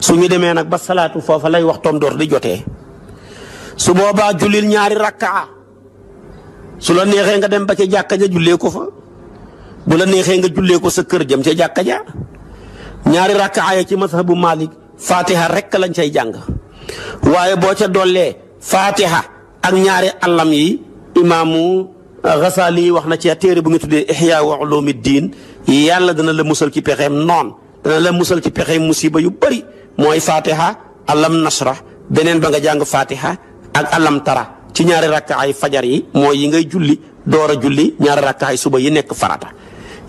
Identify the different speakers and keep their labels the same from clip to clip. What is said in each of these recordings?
Speaker 1: su ñu demee nag ba salaatu foofa lay waxtoom door di jotee su boobaa jullil ñaari rakkaa su la neexee nga dem ba ca jàkka ja jullee ko fa bu la neexee nga jullee ko sa kër jëm ca jàkka ja ñaari rakkaa ya ci mazhabu Malik fatiha rekk lañ cay jàng waaye boo ca dollee fatiha ak ñaari allam yi imaamu Ghazali yi wax na ci téere bu nga tuddee Ihya wa Ulumi Diin yàlla dana la musal ci pexeem noon dana la musal ci pexeem musiba yu bari moy fatiha alam nasrah benen ba nga jang fatiha ak alam tara ci ñaari rakkaay fajar yi moy yi ngay julli doora julli ñaari rakkaay suba yi nek farata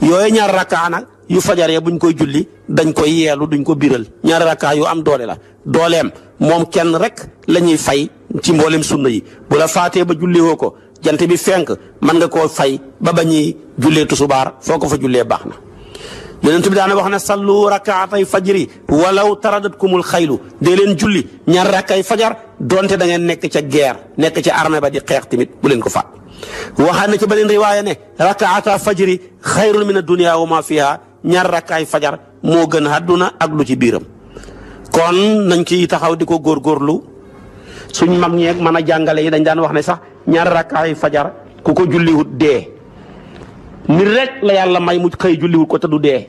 Speaker 1: yoy ñaari rakkaa nak yu fajar ya buñ koy julli dañ koy yelu duñ ko biral ñaari raka yu am doole la dolem mom kenn rek lañuy fai fay ci mboolem sunna yi bu la faté ba julli woko jant bi fenk man nga ko fay ba bañi julle tu subar foko fa julle baxna yonent bi daana wax ne sallu rakaatay fajri walaw taradatkumul xaylu dee leen julli ñaar rakkay fajar donte da ngeen nekk ca guerre nekk ca armée ba di xeex tamit bu leen ko faat waxaan na ci beneen riwaaya ne rakaata fajri xayrun min addunya wa ma fiha ñaar rakkaay fajar moo gën àdduna ak lu ci biiram kon nañ ci taxaw di ko góorgóorlu suñ mag ñeeg mën a jàngale yi dañ daan wax ne sax ñaar rakkaay fajar ku ko julliwut dee ni rek la yàlla may mu xëy julliwul ko te du dee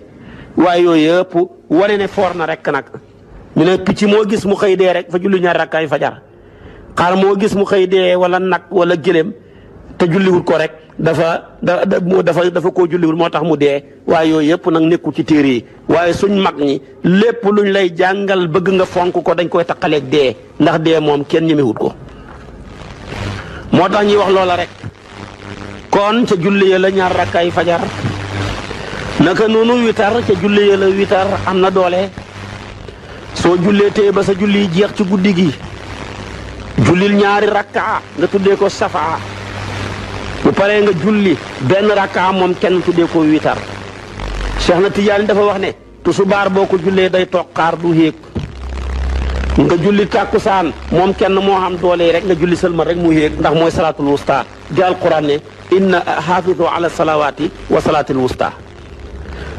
Speaker 1: waaye yooyu yëpp wane ne foor na rek nag mu ne picc moo gis mu xëy dee rek fa julli ñaar rakkaay fajar xaar moo gis mu xëy dee wala nag wala gëléem te julliwul ko rek dafa dafa dafa koo julliwul moo tax mu dee waaye yooyu yëpp nag nekkul ci téere yi waaye suñ mag ñi lépp luñ lay jàngal bëgg nga fonk ko dañ koy taqaleeg dee ndax dee moom kenn ñemewut ko moo tax ñuy wax loola rek. kon ci julli ya la ñaar rakkay fajar naka noonu witar ci julli ya la witar amna na So julle te ba sa julli jeex ci guddi gi jullil ñaari rakka nga tuddé ko safa bu paré nga julli ben rakka mom kenn tuddé ko witar cheikh na tijaani dafa wax ne tusubaar boo boko julle day toqaar du heek nga julli takusan mom kenn mo xam doole rek nga julli selma rek mu heek ndax moy salatul wusta di alquran ne inna xaafidu ala salawaati wa salaatil wusta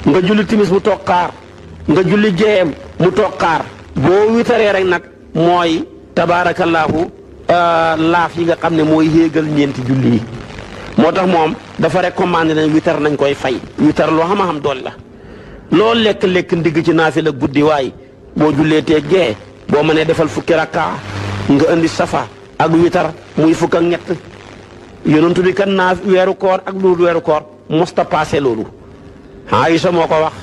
Speaker 1: nga julli timis mu toog xaar nga julli jeem mu toog xaar boo witaree rek nag mooy tabaarakallaahu euh, laaf yi nga xam ne mooy yéegal ñeenti julli yi moo tax moom dafa recommandé ne witar nañ koy fay witar loo xam-xam doole la loo lekk-lekk ndigg ci naafila guddi waay boo jullee tee gee boo mënee defal fukki rakka nga indi safa ak witar muy fukk ak ñett yonantu bi kan naa weeru koor ak loolu weeru koor mosta passé loolu Aïcha moo ko wax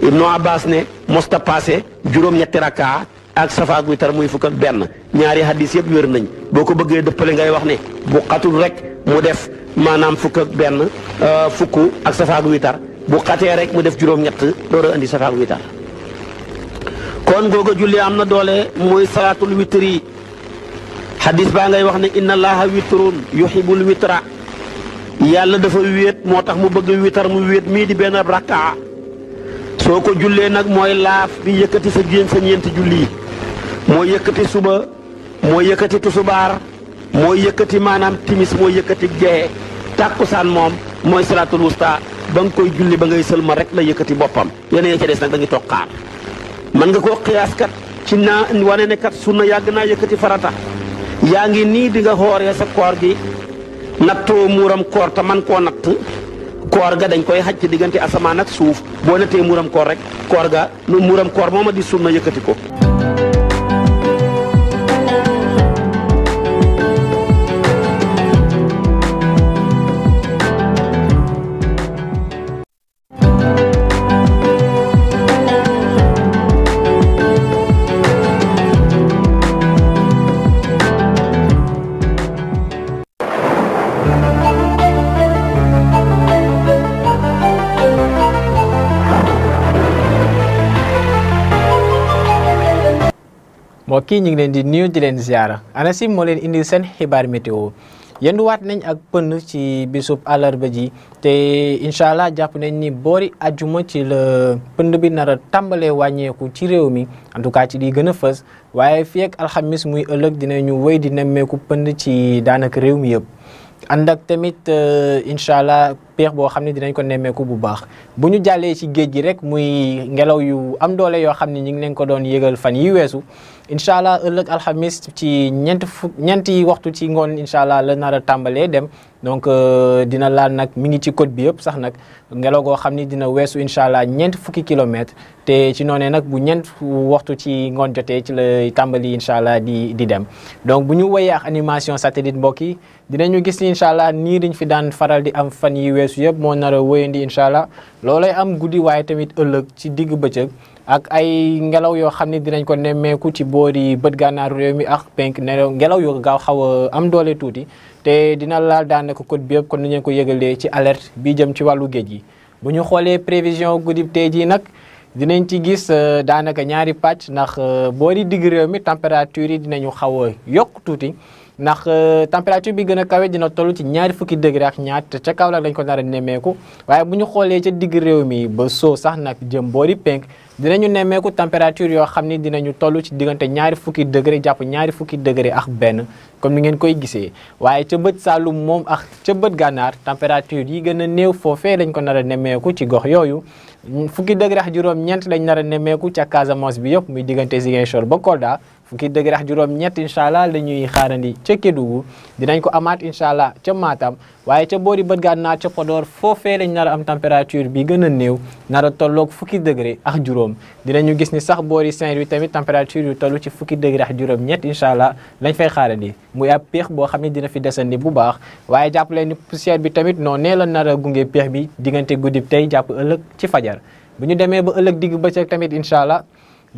Speaker 1: Ibnu Abbas ne mosta passé juróom-ñetti rakkaa ak safaak wi muy fukk ak benn ñaari hadis yëpp wér nañ boo ko bëggee dëppale ngay wax ne bu xatul rek mu def maanaam fukk ak benn euh, fukk ak safaak wi bu xatee rek mu def juróom-ñett door indi safaak wi kon googa julli am na doole muy salaatul witri hadis ba ngay wax ni inna allaha witrun yuhibbul witra yalla dafa wet motax mu bëgg witar mu wet mi di ben rakka soko julle nak moy mooy laaf bi yëkkati sa jéem sa ñent julli moy yëkkati suba moy yëkkati tusubar moy manam timis moy yëkkati ge takusan mom moy salatul musta ba juli koy julli ba ngay selma rek la yëkkati bopam yene ci dess nak nag da ngi nga ko qiyas kat ci na kat sunna farata yaa ngi nii di nga xooree sa koor gi nattoo muuram koor te man koo natt koor ga dañ koy xaj ci diggante asamaan ak suuf boo nattee muuram koor rek koor ga nu muuram koor moom mooma di sunna yëkkati ko
Speaker 2: mbokk yi ñu di nuyu di leen ziara ANACIM moo leen indi seen xibaar météo waat nañ ak pënn ci bisub àllarba ji te incha allah jàpp nañ ni boori ajuma ci la pënd bi nar a tàmbalee wàññeeku ci réew mi en tout cas ci li gën a fës waaye fii ak alxamis muy ëllëg dinañu wéy di nemmeeku pënd ci daanaka réew mi yëpp ànd ak tamit euh, incha allah peex boo xam ne dinañ ko nemmeeku bu baax bu ñu jàllee ci géej gi rek muy ngelaw yu am doole yoo xam ne ñu ngi leen ko doon yégal fan yi weesu incha allah ëllëg alxamis ci ñent fu ñeenti waxtu ci ngoon incha allah la nar a tàmbalee dem donc euh, dina laal nag mi ngi ci côte bi yëpp sax nag ngelaw goo xam ni dina weesu incha allah ñeent fukki kilomètres te ci noonee nag bu ñeent waxtu ci ngoon jotee ci la tàmbali incha allah di di dem donc bu ñu woyee animation satellite mbokk dinañu gis incha allah nii liñ fi daan faral di am fan yi weesu yëpp moo nar a wéyandi incha allah loolay am guddi waaye tamit ëllëg ci digg bëccëg ak ay ngelaw yoo xam ne dinañ ko nemmeeku ci boori bët gànnaaru réew mi ak penk nelaw ngelaw yoo gaaw xaw am doole tuuti te dina laal daanaka code bi yëpp kon nañu ko yëgalee ci alert bi jëm ci wàllu géej gi bu ñu xoolee prévision guddi tey jii nag. dinañ ci gis euh, daanaka ñaari pàcc ndax euh, boori digg réew mi température yi dinañu xaw yokk tuuti ndax euh, température bi gën a kawe dina toll ci ñaari fukki degré ak ñaar te ca Kaolack lañ ko nar a nemmeeku waaye bu ñu xoolee ca digg réew mi ba soo sax nag jëm boori penk dinañu nemmeeku température yoo xam ni dinañu toll ci diggante ñaari fukki degré jàpp ñaari fukki degré ak benn kon ni ngeen koy gisee waaye ca bët Saalum moom ak ca bët gànnaar température yi gën a néew foofee lañ ko nar a nemmeeku ci gox yooyu fukki degré ak juróom-ñeent lañ nar a nemmeeku ca Casamance bi yëpp muy diggante Ziguinchor ba Kolda fukki degré ak juróom ñett incha allah la ñuy xaarandi ca Kédougou dinañ ko amaat incha allah ca Matam waaye ca boori bët gànnaar ca Podor fee lañ nar a am température bi gën a néew nar a tolloog fukki degré ak juróom dinañu gis ni sax boori Saint-Louis tamit température yu toll ci fukki degré juróom ñett incha allah lañ fay xaarandi muy ab peex boo xam ne dina fi desandi bu baax waaye jàpp leen ni poussière bi tamit noonu nee la nar a gunge peex bi diggante guddib tey jàpp ëllëg ci fajar bu ñu demee ba ëllëg digg bëccëg tamit incha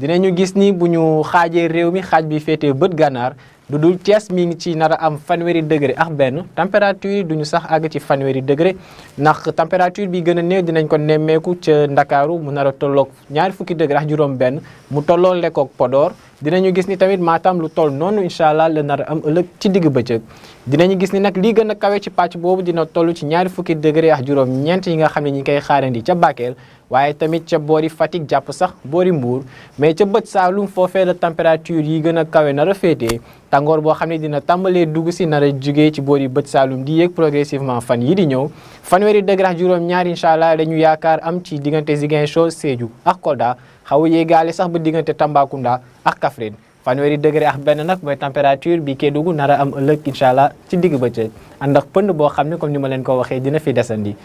Speaker 2: dinañu gis ni bu ñu xaajee réew mi xaaj bi féetee bët gànnaar lu dul Thiès mii ngi ci nar a am fanweeri degré ak benn température yi du ñu sax àgg ci fanweeri degré ndax température bi gën a néew dinañ ko nemmeeku ca Ndakaaru mu nar a tolloog ñaari fukki degré ak juróom-benn mu tolloo lekkoog Podor dinañu gis ni tamit Matam lu toll noonu incha allah la nar am ëllëg ci digg bëccëg dinañu gis ni nag lii gën a kawe ci pàcc boobu dina toll ci ñaari fukki degré ak juróom-ñeent yi nga xam ne ñi ngi koy xaarandi ca Bakel waaye tamit ca boori Fatick jàpp sax boori Mbour mais ca bët Saalum foofee la température yi gën a kawe nar a féetee tàngoor boo xam ne dina tàmbalee dugg si nar a jugee ci boori bët Saalum di yéeg progressivement fan yi di ñëw fanweeri degré ak juróom-ñaar incha allah la yaakaar am ci diggante Ziguinchor Sédhiou ak Kolda xaw a yéegaale sax ba diggante Tambacounda ak Kaffrine fanweeri degré ak benn nag mooy température bi Kédougou nar a am ëllëg incha allah ci digg bëccëg ànd ak boo xam ne comme ni ma leen ko waxee dina fi desandi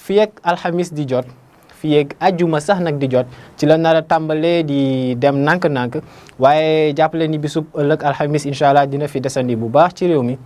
Speaker 2: fii ak alxamis di jot fii ak ajjuma sax nag di jot ci la nar a tàmbalee di dem nànk nank waaye jàppale ni bisub ëllëg alxamis incha dina fi desandi bu baax ci réew mi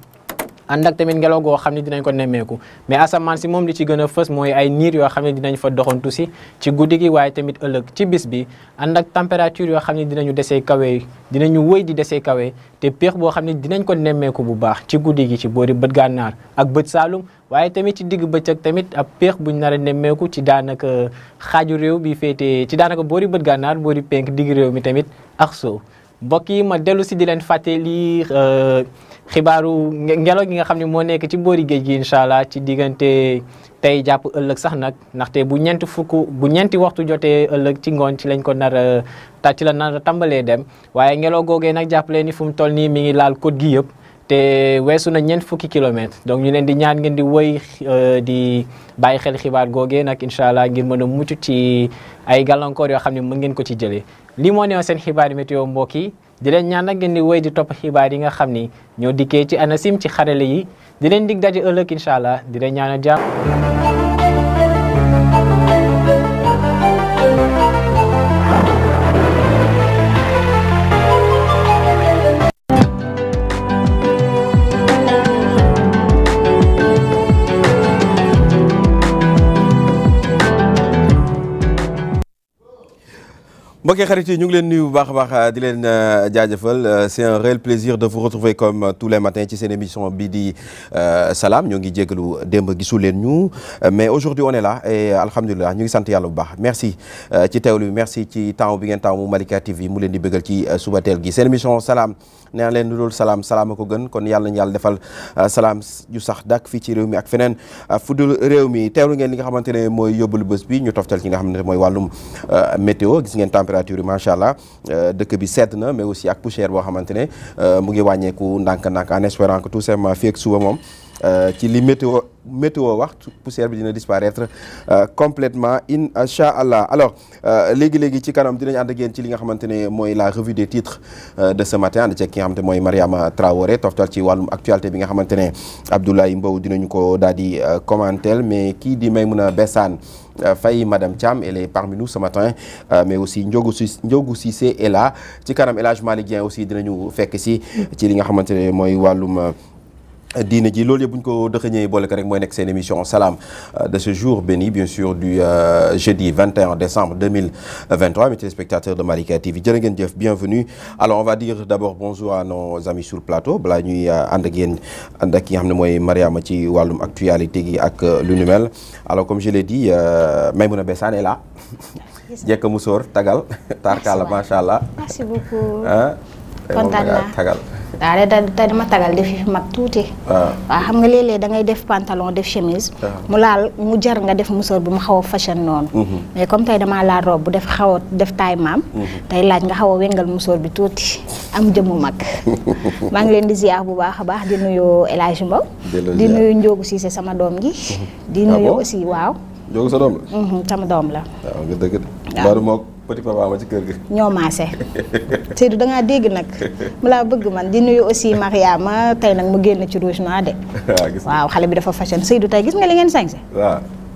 Speaker 2: ànd ak tamit ngelaw goo xam ne dinañ ko nemmeeku mais asamaan si moom li ci gën fës mooy ay niir yoo xam ne dinañ fa doxantu si ci guddi gi waaye tamit ëllëg ci bis bi ànd ak température yoo xam ne dinañu desee kawee dinañu wëy di desee kawe te péex boo xam ne dinañ ko nemmeeku bu baax ci guddi gi ci boori bët gànnaar ak bët saalum waye tamit ci digg bëccëg tamit ab peex buñ nara a ci danaka xaju rew bi féetee ci danaka boori beut ganar boori penk digg rew mi tamit akso soo yi ma dellu si di leen fàttali euh, xibaaru ngelo gi nga xamni mo nek ci boori geej gi inshallah allah ci diggante tay japp ëllëg sax nak ndaxte bu ñent fukku bu ñenti waxtu jotee ëllëg ci ngon ci lañ ko nara a ci la nara tambalé dem waye ngelo nak japp fum tolni mi ngi laal code gi yëpp. te weesu na ñeent fukki kilomètres donc ñu leen di ñaan ngeen di woy euh, di bàyyi xel xibaar googee nag incha allah ngir mën a mucc ci ay gàllankoor yoo xam ne mën ngeen ko ci jëlee li moo neewoon seen xibaar météo mbokk yi di leen ñaan nag ngeen di woy di topp xibaar yi nga xam ni ñoo dikkee ci ANACIM ci xarale yi di leen dig daje ëllëg incha allah di leen ñaan a jàmm
Speaker 3: mbokki xarit yi ñu ngi leen nuyu bu baax baax ah, di leen ah, jaajëfal euh, c'est un réel plaisir de vous retrouver comme euh, tous les matins ci seen émission bi di euh, salaam ñoo ngi jégalu démb gisu ñu mais aujourd'hui on est là et alhamdulilah ñu ngi sant yàlla bu baax merci ci teewlu merci ci temps bi ngeen temps mu Malika TV mu leen di bëggal ci suba teel gi seen émission salaam nee leen lu dul salaam salaama ko gën kon yàlla ñu defal euh, salaam ju sax dàkk fii ci réew mi ak feneen euh, fu dul réew mi teewlu ngeen li nga xamante ne mooy yóbbalu bés bi ñu toftal ci nga xamante ne mooy wàllum euh, météo gis ngeen température yi macha allah dëkk bi sedd na mais aussi ak poussière boo xamante ne mu ngi wàññeeku ndànk-ndànk en espérant que tout simplement fii ak suba moom Euh, ci li météo météo pour poussière bi dina disparaître euh, complètement allah alors légui euh, légui ci kanam ci li la revue des titres de ce matin on va nga Mariama Traoré toftal ci walum actualité bi nga xamantene Abdoulaye Mbow dinañu ko commenter mais ki di Maymouna Bessane Faye madame Cham elle est parmi nous ce matin mais aussi Ndiogou Sissé est là ci kanam aussi dinañu fekk si ci diine ji loolu yëpp bu ko dëxëñee boole ko rek mooy nekk seen émission salaam de ce jour béni bien sûr du euh, jeudi 21 décembre 2023 mes téléspectateurs de Marika TV jërë jëf bienvenue alors on va dire d'abord bonjour à nos amis sur plateau balaa ñuy euh, ànd ak yéen ànd ak ki nga xam ne Mariama ci wàllum actualité gi ak euh, lu ñu mel alors comme je l'ai dit Maymouna Bessane est là jekk mu sóor tagal taarkaala macha allah
Speaker 4: merci beaucoup hein?
Speaker 3: kontaan naa tagal
Speaker 4: waaw
Speaker 5: dama tagal def fi mag tuuti. waaw xam nga léeg-léeg da def pantalon def chemise. mu laal mu jar nga def musóor bi mu xaw a fashion noonu. Mm-hmm. mais comme tey damaa laal robe bu def xaw a def taay maam. Mm-hmm. tey laaj nga xaw a wengal musóor bi tuuti am jëmu mag. maa ngi leen di ziar bu baax a baax di nuyu El Hadj Mbow. di nuyu Ndiogu Cissé sama doom gi. Mm-hmm. di nuyu ah aussi waaw. Njoogu sa doom la. Mhm, sama doom la.
Speaker 3: waaw nga dëgg de. waaw Badou moog petit papa ma ci kër gi. ñoo maase. Seydou
Speaker 5: da ngaa dégg nag mu laa bëgg man di nuyu aussi ma tey nag mu génn ci rouge noir de. waaw xale bi dafa fashion Seydou tey gis nga li ngeen sañse
Speaker 3: waaw.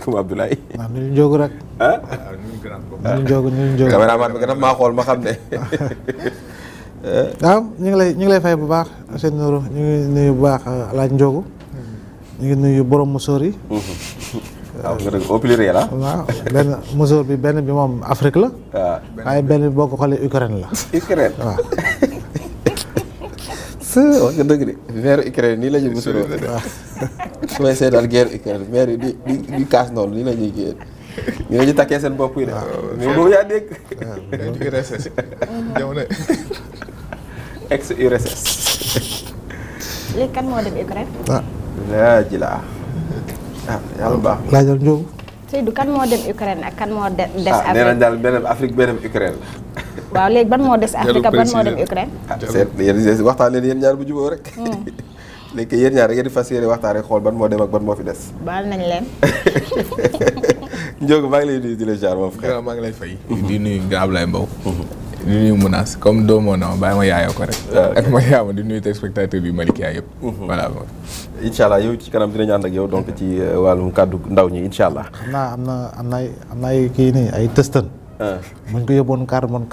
Speaker 3: asalaamaaleykum Abdoulaye.
Speaker 6: waaw nu ñu jóg rek. ah nu ñu jóg nu ñu jóg.
Speaker 3: caméraman bi gën a maa xool ma xam ne.
Speaker 6: waaw ñu ngi lay ñu ngi lay fay bu baax sëñ Nourou ñu ngi nuyu bu baax Alaaji Njóogu ñu ngi nuyu borom musóor Ben
Speaker 3: waaw nga dëgg au
Speaker 6: bi benn bi moom Afrique la. waaw waaye bi boo ko Ukraine la.
Speaker 3: Ukraine waaw. së wax nga dëgg Ukraine nii la ñu saya may seetal guerre Ukraine maire di di di kaas noonu lii la ñuy génn ñu la ñu takkee seen bopp yi de. mais boobu yaa dégg. waaw di ex URSS.
Speaker 5: léegi kan moo dem Ukraine.
Speaker 3: ah. laa ji laa. ah yàlla baax. laajal Ndiob.
Speaker 5: Seydou kan moo dem Ukraine ak kan moo des. Afrique ah nee nañ
Speaker 3: daal beneen Afrique beneen Ukraine la.
Speaker 5: waaw saya ban moo des Afrique ban moo dem Ukraine.
Speaker 3: ah waxtaan leen yéen ñaar bu jubóo rek. léegi yéen ñaar da ngeen fas yéene waxtaan rek xool ban moo dem ak ban moo fi des. baal nañ leen. Ndiogou maa ngi lay nuyu di la jaar mon lay fay. di nuyu nga Ablaye Mbow. di nuyu comme doomu na ma bàyyi ma yaayoo ko rek. Ah, ak ma yaama di nuyu téléspectateur yu Malikia yëpp. Mhm. voilà. incha allah yow ci kanam dinañ ànd ak yow donc ci euh, wàllum kàddu ndaw ñi incha allah.
Speaker 6: am na am na am na kii nii ay tëstan. buñ ah. ko yóbboon carte mon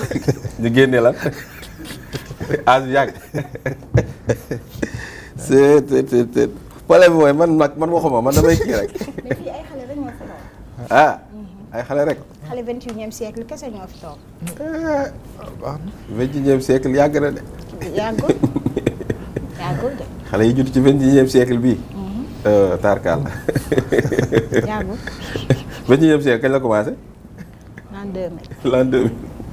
Speaker 3: ñu génne la as bi yàgg. c'est c'est problème mooy man nag man waxuma man damay kii rek. ay xale rek ñoo fi toog. ah ay xale rek.
Speaker 5: xale vingt et unième kese ñoo fi toog. Ah,
Speaker 3: vingt et unième yàgg na
Speaker 5: de.
Speaker 3: xale yi judd ci vingt et unième bi bii. Mhm. Euh, tarkaal. yàggul. vingt et unième siècle la commencé. l'an deux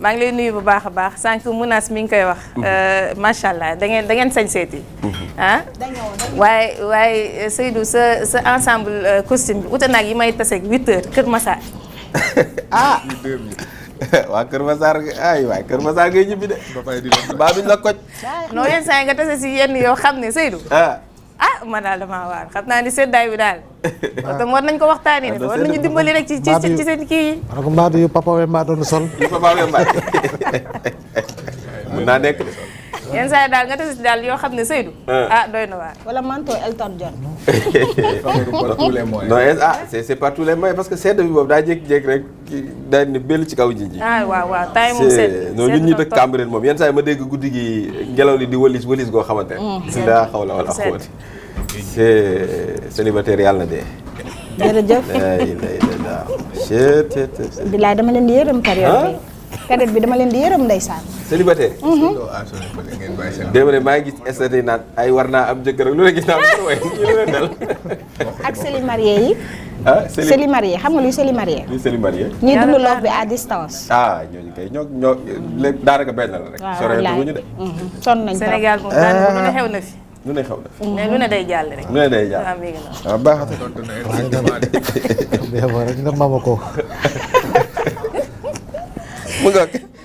Speaker 7: maa ngi lay nuyu bu baax a baax sànq Mounas mi ngi koy wax. Mhm. Euh, macha allah da ngeen da ngeen sañ seeti. Mhm. ah waaye waaye euh, Seydou sa sa ensemble euh, costume bi ute naag yi may taseeg 8h Kër Massar.
Speaker 3: Ah! waa Kër Massar ay waay Kër de. ba pare di la ko.
Speaker 7: non tase si yenn yow xam ne Seydou. Ah. ah man daal damaa waar xam naa ni seddaay bi daal. parce nañ ko waxtaanee de ah, war nañu dimbali rek ci ci seen kii yi.
Speaker 6: a ne ko Mbadou yu papa we mbaa doon sol. yu papa we naa
Speaker 7: yenn saa yi daal nga tasi daal yoo xam ne Seydou. ah doy na waar. wala manteau Elton John. non ah
Speaker 3: c' est c' est pas les moyens parce que sedd bi boobu daa jékki-jékki rek daal ni béll ci kaw ji ji.
Speaker 7: ah waaw waaw taay moom
Speaker 3: moom yenn saa ma dégg guddi gi ngelaw li di wëlis wëlis goo xamante ne. daa xaw la wala xawati. c' est célibataire yàlla de dee.
Speaker 5: jërëjëf. bilaay dama leen yërëm période bi. kadet bi dama leen di yërëm ndeysaan.
Speaker 3: célibataire. Mhm. Ah, démb rek maa ngi gis SDT naan ay war naa am jëkkër ak lu ne gis naa lu leen
Speaker 5: ak sëli marié yi. ah sëli sëli marié xam nga luy sëli marié.
Speaker 3: luy ñii
Speaker 5: dund loof bi a distance.
Speaker 3: ah ñooñu kay ñoo ñoo léegi daanaka benn la rek. waaw wallaahi ñu de.
Speaker 7: Mhm. sonn nañu Sénégal moom daanaka lu ne xew na fi. Eh, lu ne xaw na. Mhm. mais lu ne day jàll rek. lu ne day jàll waaw
Speaker 3: ah, ah, baax
Speaker 6: na. waaw baax na. menggoda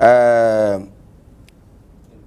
Speaker 3: Uh,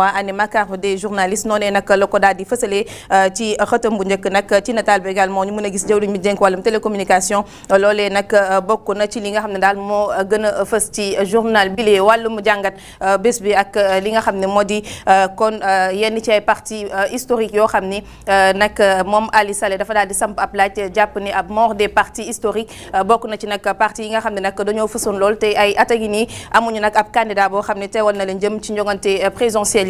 Speaker 7: 3 année makar des journalistes noné nak loko ko daal di fësalee euh, ci xëtam bu njëkk nak ci natal bi également ñu mëna gis jëwriñ bi télécommunication lolé nak euh, bokku na ci li nga xamné dal mo gëna ci journal bi lee wàllum jangat euh, bës bi ak li nga xamné modi kon yenn ci ay parti historique yo xamné nak mom Ali Saleh dafa daal di samp ab laaj japp ni ab mort des partis historiques bokku na ci nak parti yi nga xamné nak dañoo fësoon lol té ay at a amuñu nak ab candidat bo xamné ne na leen jëm ci présidentielle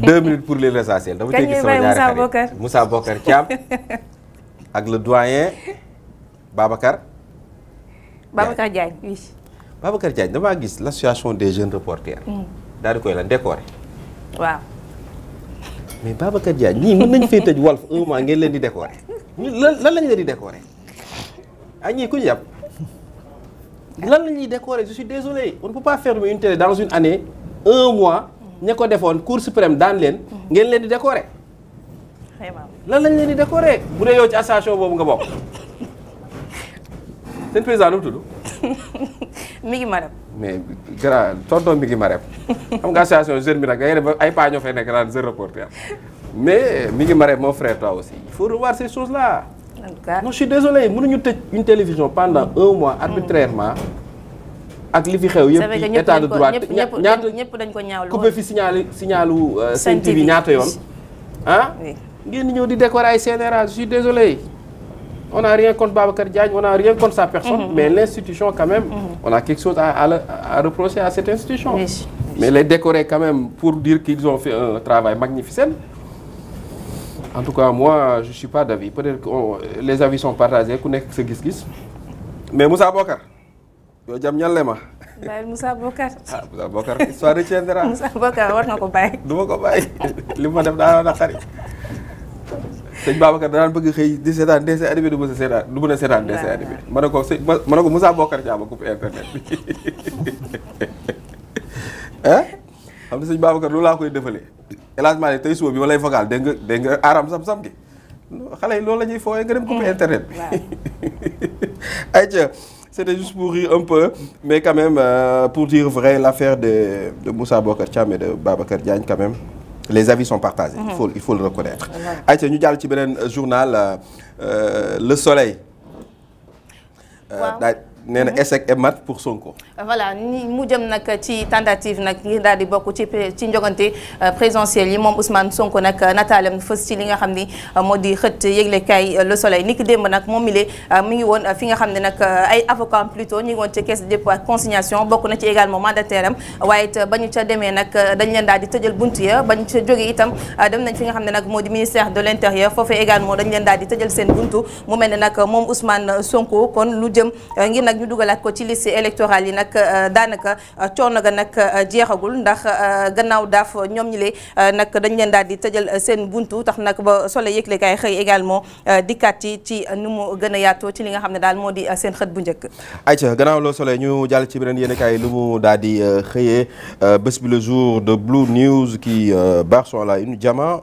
Speaker 3: deux minutes pour l'essentiel dama cee gis sama ñaari Moussa Bokar Thiam Avec le doyen Babacar.
Speaker 7: Babacar Diagne oui.
Speaker 3: Babacar Diagne damaa gis l'association des jeunes reporters.
Speaker 7: C'est mm.
Speaker 3: di koy décorer. waaw. mais Babacar Diagne ñii mën faire fee tëj un mois ngeen leen di décorer quest lan que vous di décorer ah ñii ku ñu lan la décorer je suis désolé on ne peut pas fermer une télé dans une année un mois ña ko defoon cour suprême dan len ngeen len di décorer. lan lañ len di décorer bu dé yow ci association bobu nga bok seen président lu mu tudd. mi ngi marem. mais grand tonton mi ngi marem xam nga association jeune bi nag da ngay ay paa ñofay nek nekk naan jeune reporter mais mi ngi marem mon frère toi aussi. faut revoir ces choses là. en non je suis désolé mënuñu tëj une télévision pendant un mois arbitrairement ak li fi xew yëpp état de droit ñaata
Speaker 7: ñëpp dañ ko ñaawlu fi
Speaker 3: signalu euh, Sen TV ñaata yoon
Speaker 7: hein? ngeen di décorer je
Speaker 3: suis désolé on n'a rien contre Babacar Diagne on n'a rien contre sa personne mm-hmm. mais l'institution quand même mm-hmm. on a quelque chose à, à, reprocher à cette institution mais les décorer quand même pour dire qu'ils ont fait un travail magnifique en tout cas moi je suis pas d'avis peut-être que les avis sont partagés ku nekk ce gis-gis mais Moussa Bokar yo jam ñalle ah. ah, ma
Speaker 7: bàyyil musa Bokar
Speaker 3: ah Moussa Bokar histoire retiendra musa Bokar war nako bay duma du ma ko bàyyi li ma def daana naqari sëñ Babacar daan bëgg xey di sétan dé sé animé du musa sétan du mëna sétan dé sé animé manako manako musa ma ne ko Bokar jaama coupe internet hein am nga sëñ Babacar loolu laa koy defalé elage maa tay tey bi walay lay fogal dégg nga dégg nga aaram sam-sam gi xalé yi lañuy la gërem fooyee coupe internet ay ci C'était juste pour rire un peu, mais quand même, euh, pour dire vrai, l'affaire de, de Moussa Bokertiam et de Baba Diagne, quand même, les avis sont partagés, il, faut, il faut le reconnaître. Aïe, nous avons un journal, euh, euh, Le Soleil nee na mhm. et mat pour Sonko.
Speaker 7: voilà ni mu dem nak ci tentative nak ngir daal di bokk ci ci njogante euh, présidentielle yi mom Ousmane Sonko nag nataalem fës ci li nga xamni modi euh, moo di kay euh, Le Soleil niki dem nak nag moom mi ngi won fi nga xamni nak ay avocat plutôt ñu ngi woon ci caisse de dépôt consignation bokk na ci également mandataire am waye it ba ñu ca demee dañ leen daal di tëjal buntu ya bañ ñu ca itam dem nañ fi nga xamni nak modi ministère de l'intérieur foofee également dañ leen daal di tëjal sen buntu mu melni nak mom Ousmane Sonko kon lu jëm ngi ñu dugal ak ko ci liste électorale yi nag euh, daanaka euh, coono ga nag euh, jeexagul ndax gannaaw daaf ñoom ñi le nag dañ leen daal di tëjal seen buntu tax nag ba solo yëglekaay xëy également dikkaat ci ci nu mu gën a yaatoo ci li nga xam ne daal moo di seen xët bu njëkk
Speaker 3: ayca gannaaw loo solo ñu jàll ci beneen yéenekaay lu mu daal di xëyee bés bi le jour de Blue News qui barre sur la une jama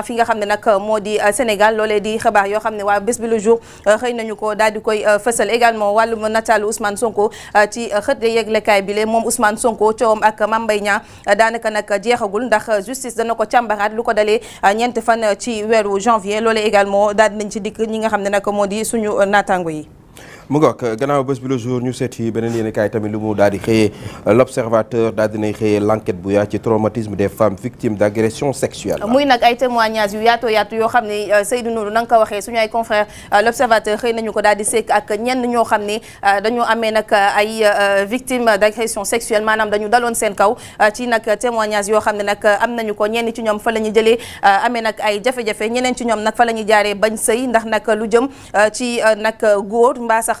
Speaker 7: fi nga xam ne nag euh, moo di euh, Sénégal loole di xabaar yoo xam ne waa bés bi le jour euh, xëy nañu ko daal di koy fësal également wàllum nataalu usman Sonko ci xët yëglekaay bi le moom Ousmane Sonko coowam ak Mame Mbaye Niang daanaka nag jeexagul ndax justice dana ko càmbaraat lu ko dalee ñeent fan ci weeru janvier loolee également daal di nañ ci dikk ñi nga xam ne nag moo di suñu naataango yi
Speaker 3: mu ganaw gannaaw bi le jour ñu seet yi beneen yéen kaay tamit lu mu daal di l'observateur daal dinay xeyé l'enquête bu ya ci traumatisme des femmes victimes d'agression sexuelle
Speaker 7: muy nak ay témoignages yu yato yaatu yo xamné euh, Seydou Nourou nang ko waxé suñu ay confrères euh, l'observateur xey nañu ko daal di sekk ak ñenn ño xamné euh, dañu amé nak ay victimes d'agression sexuelle Manam dañu dalon seen kaw ci nak témoignages yo xamné nak am nañu ko ñenn ci ñom fa lañu jëlé amé nak ay jafé jafé ñeneen ci ñom nak fa lañu ñu bañ sëy ndax nak lu jëm ci nak goor mbaa sax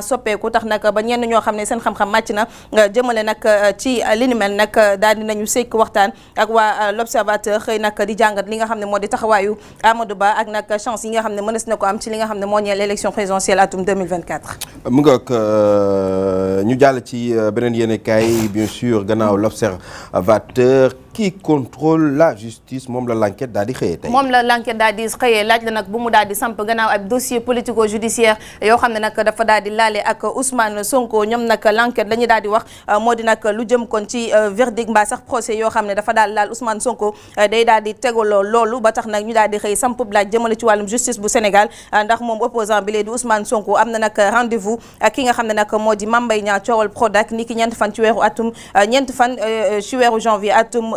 Speaker 7: soppé ko tax nak ba ñen ñoo xamné seen xam-xam màcc na jëmale nag uh, ci uh, li mel nak uh, daal dinañu sekk waxtaan ak wa l'observateur xey nak di jangat li nga xamné modi taxawayu Amadou Ba ak nak chance yi nga xamné ne mënees na ko am ci li nga xamné mo moo ñeel élection présidentielle atum 2024
Speaker 3: mu nga ñu jall ci beneen yéenekaay bien sûr gannaaw l'observateur qui contrôle la justice mom la l'enquête daal di xëyee
Speaker 7: mom la l'enquête daal di xëyee laaj la nag bu mu daal di samp gannaaw ab dossier politico judiciaire yo xam nak dafa daal di ak Ousmane Sonko ñom nak l'enquête la ñu daal di wax euh, modi nak lu jëm kon ci euh, verdict ba sax procès yo xam dafa dal lal Ousmane Sonko euh, day daal di tegaloo loolu ba tax nak ñu daal di samp laaj jëmale ci walum justice bu Sénégal ndax mom opposant bi lé du Ousmane Sonko am na rendez-vous ak ki nga xam nak modi moo di Ciowal Prodac ni ki fan ci wéru atum ñent fan ci wéru janvier atum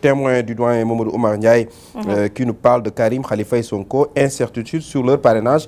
Speaker 3: témoin du doyen Mamadou Omar Ndiaye, mhm. euh, qui nous parle de Karim Khalifa Sonko, incertitude sur leur parrainage.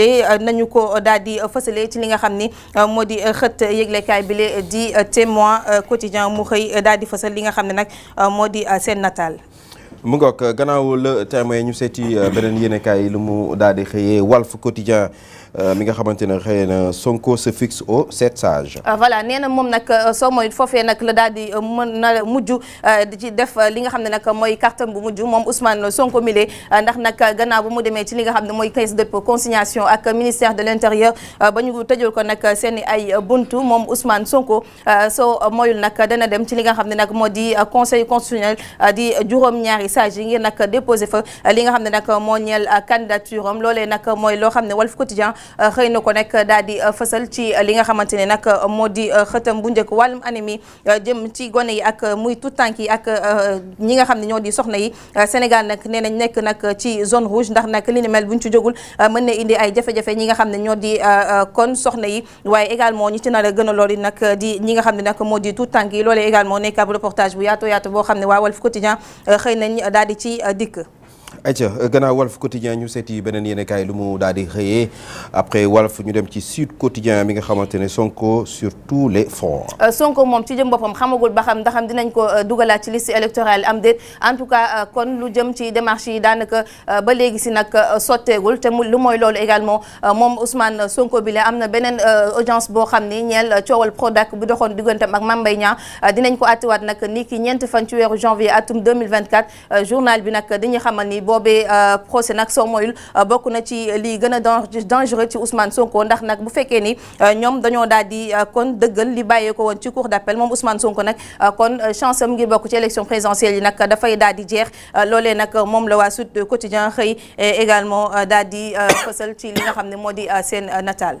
Speaker 7: loolee nañu ko daal di fësale ci li nga xam ni euh, moo di euh, xët yëglekaay bi lee di euh, témoin quotidien mu xëy daal di fësal li nga xam ne nag moo di seen nataal.
Speaker 3: mu ngoog gannaaw la témoin ñu seeti beneen yéenekaay lu mu daal di xëyee Walf Quotidien. Euh, mi nga xamante ne na Sonko se fixe au sept sages.
Speaker 7: Ah, voilà nee na moom nag euh, soo mooy foofee nag la daal euh, mën na mujj di ci def li nga xam ne nag mooy bu mujj moom Ousmane Sonko milé ndax nag gannaaw bu mu demee ci li nga xam ne caisse de consignation ak ministère de l'intérieur intérieur ba ñu tëjul ko nag seen ay buntu moom Ousmane Sonko so moyul nag dana dem ci li nga xam ne nag di conseil constitutionnel di juróom-ñaari sages yi ngir nag déposé fa li nga xam ne nag moo ñeel candidature am loolee nag mooy loo xam Walf Quotidien Euh, xëy na ko nag daal di euh, fësal ci euh, li nga xamante ne nag moo di xëtëm bu njëkk wàllum anémie jëm ci gone yi ak muy tout tànk yi ak ñi nga xam ne ñoo di soxna yi Sénégal nag nee nañ nekk nag ci zone rouge ndax nag li ni mel buñ ci jógul mën na indi ay jafe ñi nga xam ne ñoo di kon soxna yi waaye également ñi ci nar a gën a loolu nag di ñi nga xam ne nag moo di tout tànk yi loolee également nekk ab reportage bu yaatu yaatu boo xam ne waa Walf Quotidien xëy nañ daal di ci dikk
Speaker 3: Aïcha euh, gannaaw Walf quotidien ñu séti benen yene kay lu mu daal di xëyee après Wolf ñu dem ci Sud Quotidien mi nga xamantene Sonko sur tous les fronts.
Speaker 7: Euh, Sonko mom ci jëm bopam xamagul ba xam ndaxam dinañ ko euh, dugalaat ci liste électorale am déet en tout cas kon lu jëm ci démarche yi daanaka ba légui ci nak sotégul té lu moy lolu également mom Ousmane Sonko bi lé amna benen audience bo xam ñël ciowal coowal Prodac bu doxone digganteem ak Mame Mbaye Niang dinañ ko atti wat nak niki ñent fan ci wéru janvier atum 2024 journal bi nak dañuy xamal ni bobé boobee euh, procès nak soo moyul euh, bokk na ci li gëna dangereux ci Ousmane Sonko ndax nak bu fekkee ni euh, ñom dañoo daal di kon dëggal li bayé ko won ci cour d'appel mom Ousmane Sonko nak kon chance am ngir bokku ci élection présidentielle yi nag dafay daal di jeex lolé nak mom la wa Sud Quotidien xey également daal di fësal ci li nga xamné modi sen natal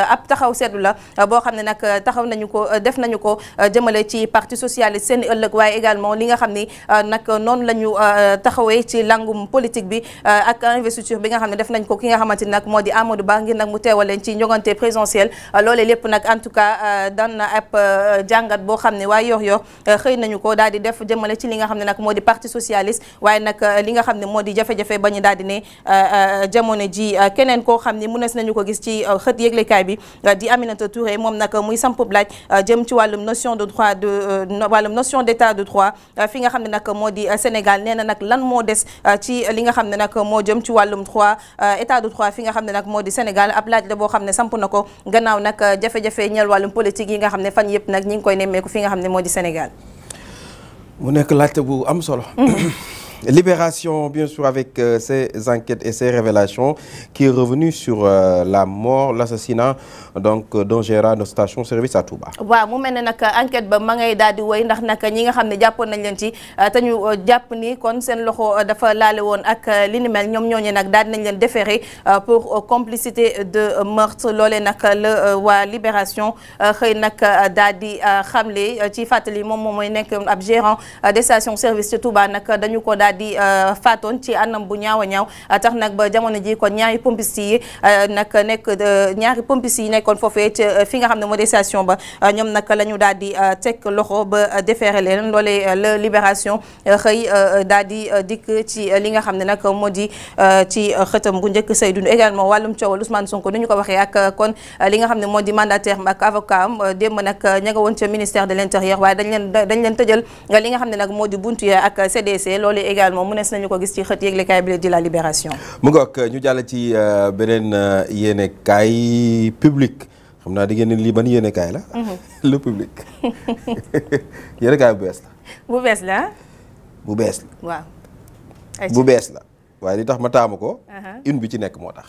Speaker 7: Euh, ab taxaw seetlu la euh, boo xam ne nag euh, taxaw nañu ko def nañu ko jëmale ci parti socialiste seen ëllëg waaye également li nga xam ni nag noonu la ñu taxawee ci langum politique bi ak investiture bi nga xam ne def nañ ko ki nga xamante ni nag moo di Amadou Ba ngir nag mu teewal leen ci njogante présidentielle loolee lépp nag boo xam ne waaye yor yor xëy nañu ko daal di def jëmale ci li nga xam ne nag moo di parti socialiste waaye nag li nga xam ne moo di jafe-jafe ba ñu daal di ne jamono ji keneen koo xam ni mënees nañu ko gis ci xët yëglekaay bi euh, di amina Touré mom nak muy samp laaj euh, jëm ci walum notion de droit de euh, walum notion d'état de droit fi nga xamné nak modi Sénégal néna nak lan mo dess ci li nga xamné nak mo jëm ci walum droit état de droit fi nga xamné nak modi Sénégal ab laaj la bo xamné ne samp na gannaaw nak jafé jafé ñeel walum politique yi nga xamné ne fan yëpp nag ñi ngi koy nemmeeku fi nga xamné modi Sénégal
Speaker 3: mu nek laajte bu am solo mm-hmm. Libération, bien sûr, avec euh, ces enquêtes et ses révélations, qui est revenu sur euh, la mort, l'assassinat donc euh, dont gérant de station service à Touba.
Speaker 7: wa mu mel nak enquête ba mangay daldi daal woy ndax nak ñi nga xamné ne jàppoon nañ leen ci euh, te ñu euh, jàpp ni kon seen loxo dafa laale ak li ni mel ñom ñooñu nak daldi nañ leen déféré pour complicité de meurtre l'olé nak le wa Libération xey nak daldi xamlé ci fatali mom moy nek ab gérant des stations service ci Touba nak dañu ko daldi di ci anam bu ñaaw a ñaaw tax nak ba jamono ji kon ñaari pompiste yi nag nekk ñaari pompiste yi nekkoon foofee ca euh, fi nga xam ne moo di station ba euh, ñoom nag la ñu daal di euh, teg loxo ba leen loolee la libération xëy daal di dikk ci li nga xam ne nag moo di ci xëtam bu njëkk say également wàllum coowal Ousmane Sonko ni ñu ko waxee ak kon li nga xam ne mandataire ak avocat am démb nag ña nga ministère de l'Intérieur. intérieur waaye dañ leen dañ leen tëjal li nga xam ne nag buntu ya ak CDC L'olé également mu nees nañu ko gis ci xët kay bi di la libération
Speaker 3: mu ngoog ñu jàll ci beneen yéene kaay public xam naa di ngeen ne lii ban yéenekaay la. Mhm. le public yéenekaay bu bees la.
Speaker 7: bu bees la bu bees
Speaker 3: la. waaw. waaye li tax ma taamu ko. une bi ci nekk moo tax.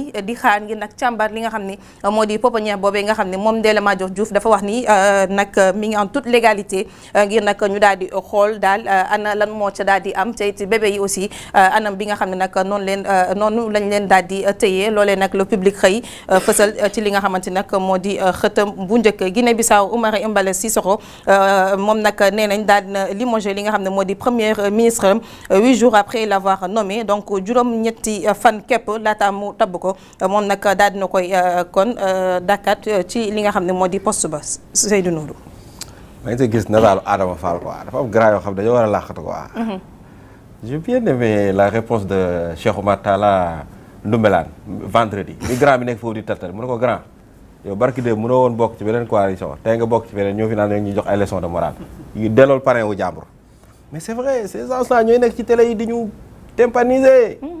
Speaker 7: di xaar ngir nag càmbar li nga xamni ni euh, moo di pouponnière boobee nga xamni mom moom Ndella Madior Diouf dafa wax ni euh, nak euh, mi ngi en toute légalité ngir nak ñu daal di xool daal ana lan mo ci daal di am te it bébé yi aussi anam bi nga xamni nak nag noonu leen noonu lañ leen daal di tëyee loolee nag le public xëy fësal ci li nga xamante nak moo di xëtam bu njëkk Guinée Bissau Umaro Embalo Sissoko mom nak nee nañ daal na limogé li nga xamni ne di premier ministre 8 jours après l'avoir nommé donc juróom ñetti fan kep la mu tabb Sonko euh, moom nag daal dina koy euh, kon euh, dakkat ci li nga xam ne moo di poste ba Seydou Nourou.
Speaker 3: maa ngi gis nataalu Adama Fall quoi dafa am grand yoo xam dañoo war a làqatu quoi. Mhm. j'ai bien aimé la réponse de Cheikh Oumar Talla Ndoumbelane vendredi. mi grand bi nekk foofu di tartal mu ne ko grand. yow barki de mënoo woon bokk ci beneen coalition tey nga bokk ci beneen ñoo fi naan ñuy jox ay leçon de morale yu delloo wu jàmbur mais c'est vrai ces gens là ñooy nekk ci télé yi di ñu tympaniser mhm.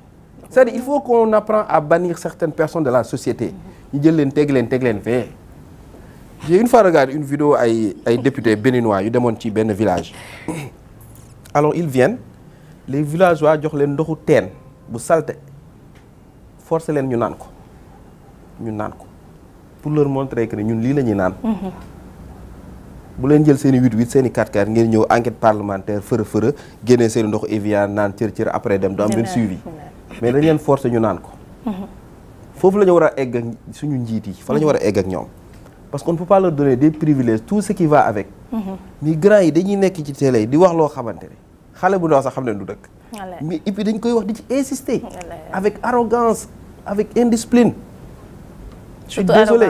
Speaker 3: il faut qu'on apprend à bannir certaines personnes de la société j'ai une fois regardé une vidéo à un député béninois il a ci un village alors ils viennent les villageois jox leen ndoxu pour leur montrer que nous sommes Ils Si bu 8 8, 4, ils une enquête parlementaire après suivi mais dañ leen forcé ñu naan ko. foofu la ñu war a egg ak suñu njiit yi fa la ñu war a egg ak ñoom. parce qu'on ne peut pas leur donner des privilèges tout ce qui va avec. mais grand yi dañuy nekk ci télé di wax loo xamante ne xale bu ndaw sax xam ne du dëkk. mais et puis dañ koy wax di ci insister. avec arrogance avec indiscipline. je suis désolé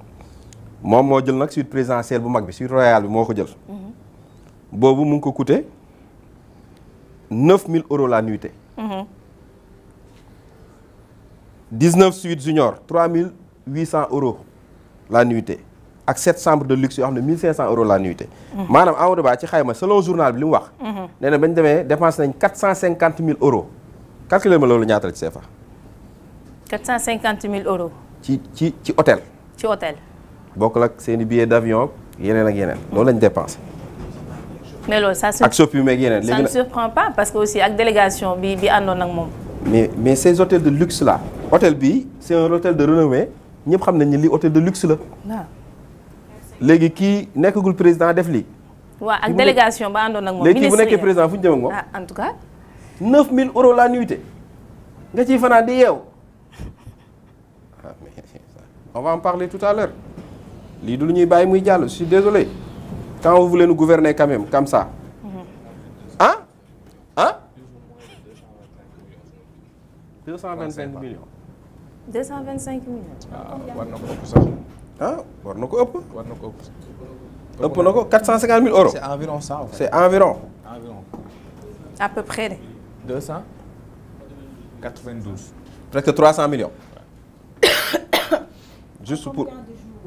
Speaker 3: moi je suis présidentiel pour suis royal moi si vous m'avez coûté 9 000 euros la nuit. 19 suites juniors, 3 800 euros la nuit. Et 7 chambres de luxe, 1 500 euros la nuit. Madame selon le journal, vous avez mm 450 000 euros. Qu'est-ce que vous avez fait
Speaker 7: 450 000 euros.
Speaker 3: Qui hôtel hôtel si c'est seen billet d'avion il ak yeneen loolu lañ dépenser
Speaker 7: mais loolu ça ça
Speaker 3: ne
Speaker 7: surprend pas parce que aussi ak délégation bi bi àndoon ak mom
Speaker 3: mais mais ces hôtels de luxe là. hôtel bi c'est un hôtel de renommée ñepp xam nañ ni li hôtel de luxe là ah. légui qui kii le président def Oui,
Speaker 7: wa ak délégation ba àndoon ak mom bu président de l'hôtel ak ah, en tout cas.
Speaker 3: 9000 euros la nuitée nga ci fana di yeew. Ah, on va en parler tout à l'heure li du ñuy je suis désolé quand vous voulez nous gouverner quand même comme ça
Speaker 7: mm-hmm. Hein Hein
Speaker 3: 225 millions.
Speaker 7: 225 millions. ah
Speaker 3: war hein? ëpp. war
Speaker 7: 450 000 euros. c'est environ ça
Speaker 3: c'est environ. environ. à peu près 200. 92. presque 300 millions. juste pour.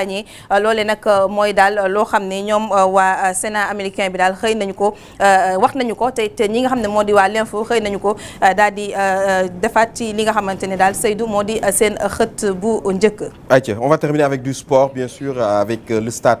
Speaker 7: accompagner euh, lolé nak euh, moy dal euh, lo xamné ñom wa Sénat américain bi dal xey nañu ko wax nañu ko te ñi nga xamné modi wa l'info xey nañu ko dal di defaat ci li nga Seydou modi sen xëtt bu
Speaker 3: on va terminer avec du sport bien sûr avec le stade.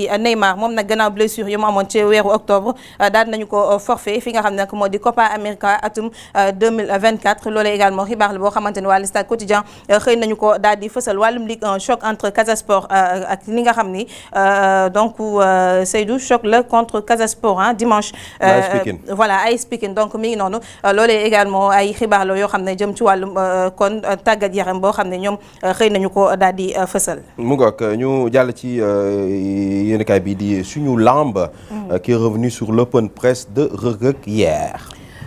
Speaker 7: di euh, Neymar mom nag gannaaw blessure yu mu amoon ci wéru octobre euh, daal nañu ko euh, forfait fi nga xamné ne modi Copa America atum 2024 lolé également xibaar bo xamanteni xamante ne Quotidien xëy nañu ko daal di fësal walum Ligue un choc entre Casa Sport ak li nga xam ni donc Seydou choc le contre Casa Sport ah hein, dimanche voilà AS speaking donc mi ngi noonu loolee également ay xibaar lo yo xamné jëm ci walum kon tagat yaram bo xamné ñom ñoom nañu ko daal di fësal
Speaker 3: mu ngoog ñu jall ci yéenekaay bi di suñu lambe mm. euh, qui est revenu sur l'open press de Reug hier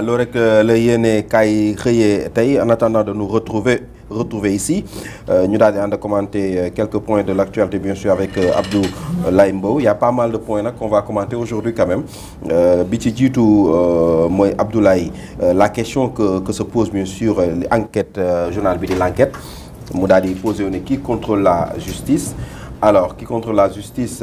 Speaker 3: loolu euh, le euh, le en attendant de nous retrouver retrouver ici euh, nous allons commenter quelques points de l'actualité bien sûr avec Abdou Laimbo, il y a pas mal de points qu'on va commenter aujourd'hui quand même bi ci Abdoulaye la question que que se pose bien sûr l'enquête journal de l'enquête mu qui contrôle la justice alors qui contrôle la justice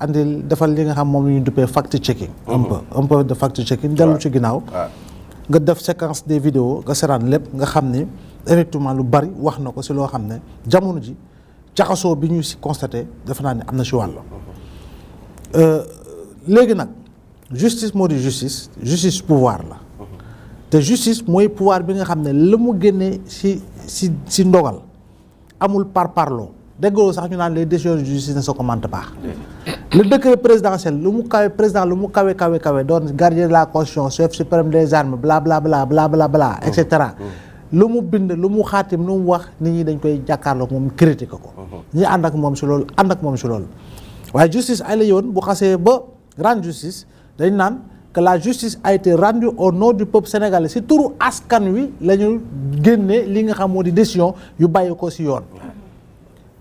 Speaker 6: andil defal li nga xam mom la ñuy fact checking. un peu mm-hmm. un peu de fact checking. dellu ci ginaaw nga def séquence des vidéos nga seraan lepp nga xam ni effectivement lu bari wax na ko si loo xam ne jamono ji jaxasoo bi ñu si constaté def naa ne am na si wàll.
Speaker 4: Mm-hmm.
Speaker 6: Euh, léegi nag justice moo di justice justice pouvoir la. Mm-hmm. te justice mooy pouvoir bi nga xam ne la mu génnee si si si ndogal amul par parloo déggoo sax ñu les décisions de justice ne se commentent pas le décret présidentiel lu mu kawé président lu mu kawé kawé kawé don gardien de la constitution chef suprême des armes bla bla bla bla bla bla etc. lu mu bind lu mu xaatim lu mu wax nit ñi dañ koy jàkkaarloog mom critique ko ñi and ak mom si loolu and ak mom si loolu waaye justice ay la yoon bu xasse ba grande justice dañ naan que la justice a été rendue au nom du peuple sénégalais C'est tout askan wi la ñu génnee li nga xam modi décision yu bàyyi ko si yoon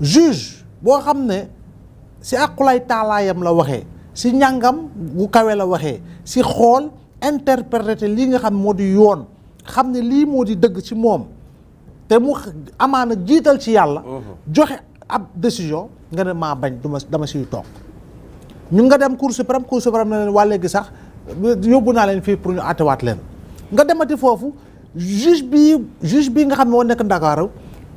Speaker 6: juge boo xam ne si àqulay taalaayam la waxee si njàngam gu kawee la waxee si xool interpréter lii nga xam moo di yoon xam ne lii moo di dëgg ci moom te mu amaana jiital ci yàlla mhm. joxe ab décision nga ne maa bañ duma dama siy toog ñu nga dem cour suprême cour suprême na leen waa léegi sax yóbbu naa leen fii pour ñu àttewaat leen nga demati foofu juge bi juge bi nga xam ne moo nekk Ndakaaru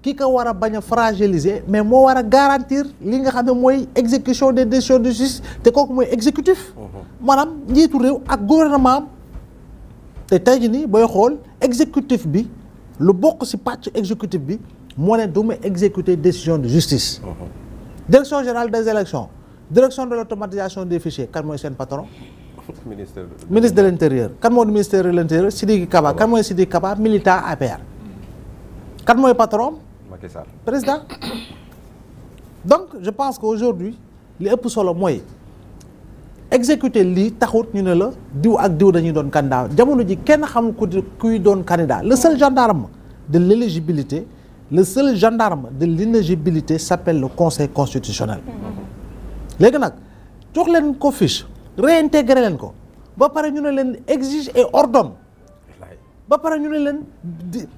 Speaker 6: Qui a fragiliser mais qui garantir l'exécution des décisions de justice c'est un moy exécutif. manam mhm. njiitu rew ak gouvernement té tay jii le xol exécutif bi lu ci patch exécutif bi mo ne exécuter décision de justice. Mhm. direction générale des élections direction de l'automatisation des fichiers kan moy le patron. ministre de l'intérieur kan est ministère de l'intérieur Sidiki Kaba kan mooy Sidiki Kaba militant APR kan mooy patron Macky Sall président donc je pense qu'aujourd'hui li ëpp solo mooy exécuter li taxout ñu ne la diw ak diw dañuy don candidat jamono ji kenn xam ku kuy don candidat le seul gendarme de l'éligibilité le seul gendarme de l'inéligibilité s'appelle le conseil constitutionnel léegi nak jox len ko fiche réintégrer len ko ba pare ñu ne len exige et ordonne ba pare ñu ne len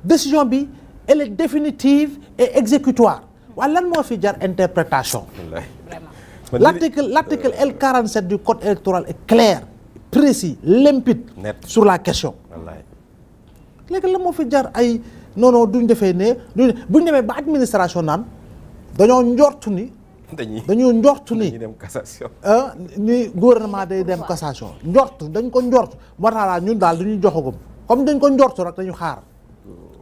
Speaker 6: décision bi elle est définitive et exécutoire waaw lan moo jar interprétation l'article l'article euh, L47 du code électoral est clair précis limpide Net. sur la question léegi la moo fi jar ay non non duñ defee ne duñ buñ demee ba administration naan dañoo njortu ni dem cassation ni ah, ni gouvernement day dem cassation njort dañ ko njort moo ñun dal duñu joxagum comme dañ ko njortu rek dañu xaar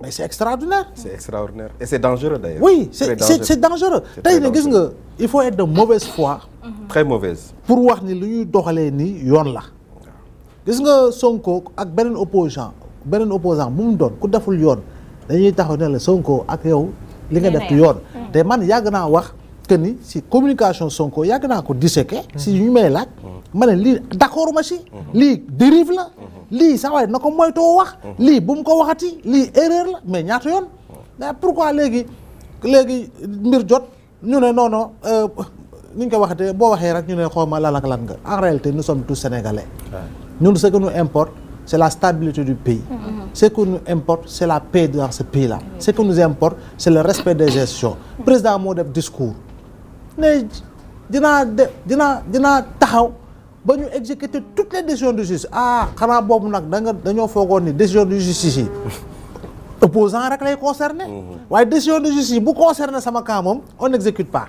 Speaker 6: mais c'est extraordinaire.
Speaker 3: C'est extraordinaire. Et c'est dangereux d'ailleurs. Oui, c'est
Speaker 6: dangereux. Très dangereux. Il faut être de mauvaise foi. Mm-hmm. Très mauvaise. Pour voir ni lu doxalé ni yoon la. Gis nga Sonko ak benen opposant, benen opposant bu mu doon ku deful yoon dañuy taxaw ne Sonko ak yow li nga def ci yoon. Mm. man yàgg naa wax que ni si communication Sonko yàgg naa ko disséquer mm. si ñu may laaj. Mm. ma ne lii d'accord ma si. Mm-hmm. lii dérive la. Mm-hmm. Li ça va na ko wax. Mhm. li bu mu ko waxati Li, erreur la mais ñaata yoon. Mhm. mais pourquoi légui légui mbir jot ñune non non euh, ni ñu ko waxatee boo waxee rek ñu ne la pas lan nga en réalité nous sommes tous sénégalais. ñun ce que nous importe c'est la stabilité du pays. Mhm. ce que nous importe c'est la paix dans ce pays là. ce que nous importe c'est le respect des gestions. président moo def discours. ne dina de dina taxaw ba ñu exécuter toutes les décisions de justice ah xanaa boobu nag da nga dañoo foogoon ni décision de justice yi opposant rek lay concerné mhm. waaye décision de justice si bu concerné sama cas moom on n'exécute pas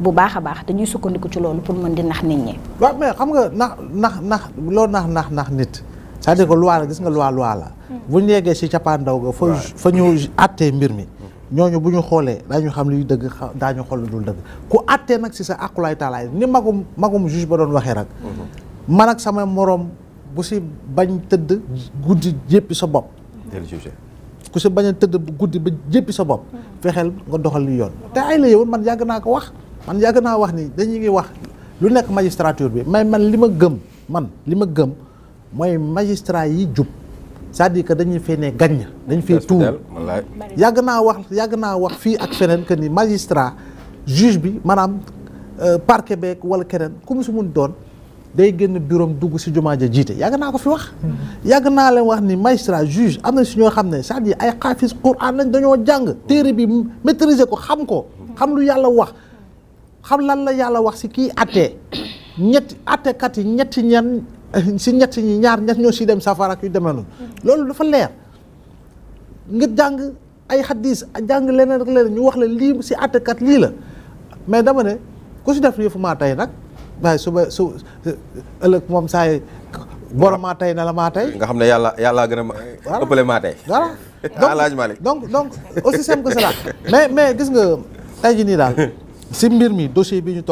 Speaker 5: bu baax a baax dañuy sukkandiku ci loolu pour mën di nax nit ñi. waaw mais xam nga nax nax nax loolu nax nax nax nit c'est-à-dire que la gis nga loi
Speaker 6: loi la. Hmm. bu ñu yeggee si cappaandaw ga. fa fa ñu àttee mbir mi. ñooñu bu ñu xoolee daa ñu xam liy dëgg daañu xool lu dul dëgg ku àttee nag si sa akulaay taalaay ni magum magum juge ba doon waxee rek.
Speaker 4: Hmm.
Speaker 6: man ak sama moroom bu si bañ tëdd guddi jéppi sa bopp. ku si bañ a tëdd guddi ba jéppi sa bopp. Hmm. fexeel nga doxal li yoon te ay la yow man yàgg naa ko wax. man yàgg naa wax ni dañu ngi wax lu nekk magistrature bi mais man li ma gëm man li ma gëm mooy magistrat yi jub cest à que dañuy fee ne gàññ dañu fee tuur yàgg naa wax yàgg naa wax fii ak feneen que ni magistrat juge bi maanaam euh, parquet beeg wala keneen ku mu si mun doon day génn bureau dugg si jumaa ja jiite yàgg naa ko fi wax mm-hmm. yàgg naa leen wax ni magistrat juge am na si ñoo xam ne c'est-à-dire ay xaafis Quran nañ dañoo jàng téere bi maîtriser ko xam ko xam yàlla wax xam lan la yàlla wax si kii attee ñett attekat yi ñetti ñan si ñett ñi ñaar ñett ñoo si dem safara ak yu demee noonu loolu dafa leer nga jàng ay xaddiis jàng leneen ak leneen ñu wax la lii si attekat lii la mais dama ne ku si def yëfu maa tey nag waaye suba su ëllëg moom saay borom tey na la maa tey
Speaker 3: nga xam ne yàlla yàlla gën a ëppale maa tey voilà donc donc donc aussi simple que cela
Speaker 6: mais mais gis nga tey ji nii daal si le dossier bi ñu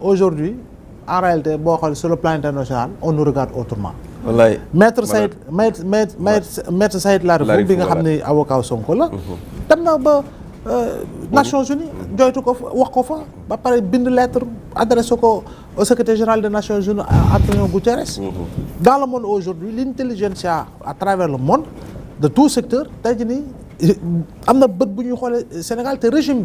Speaker 6: aujourd'hui en réalité sur le plan international on nous regarde autrement. maître Saïd maître maître maître Saïd Larifou bi nga un avocat Sonko la. Mhm. dem na ba euh, Nations Unies jooytu ko fa wax ko fa ba lettre adressé au secrétaire général des Nations Unies Antonio Guterres. Mhm. dans le monde aujourd'hui l'intelligence à travers le monde de tous secteurs, tey jii nii am a bët bu ñuy Sénégal te régime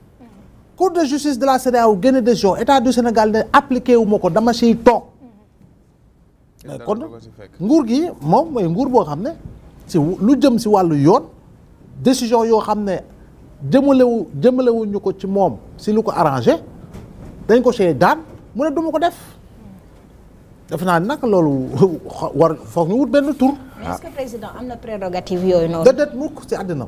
Speaker 6: cour de justice de la CEDEAO génne décision état du Sénégal ne appliqué wu ma ko dama siy toog kon nguur gi moom mooy nguur boo xam si lu jëm si wàllu yoon décision yoo xam ne jëmalewu jëmalewuñu ko ci moom si lu ko arrangé dañ ko see daan mu ne du ma ko def defe naa nag loolu war foog ñu wut benn tur. est-ce que
Speaker 5: président am na prérogative yooyu noonu.
Speaker 6: déedéet mukk si àddina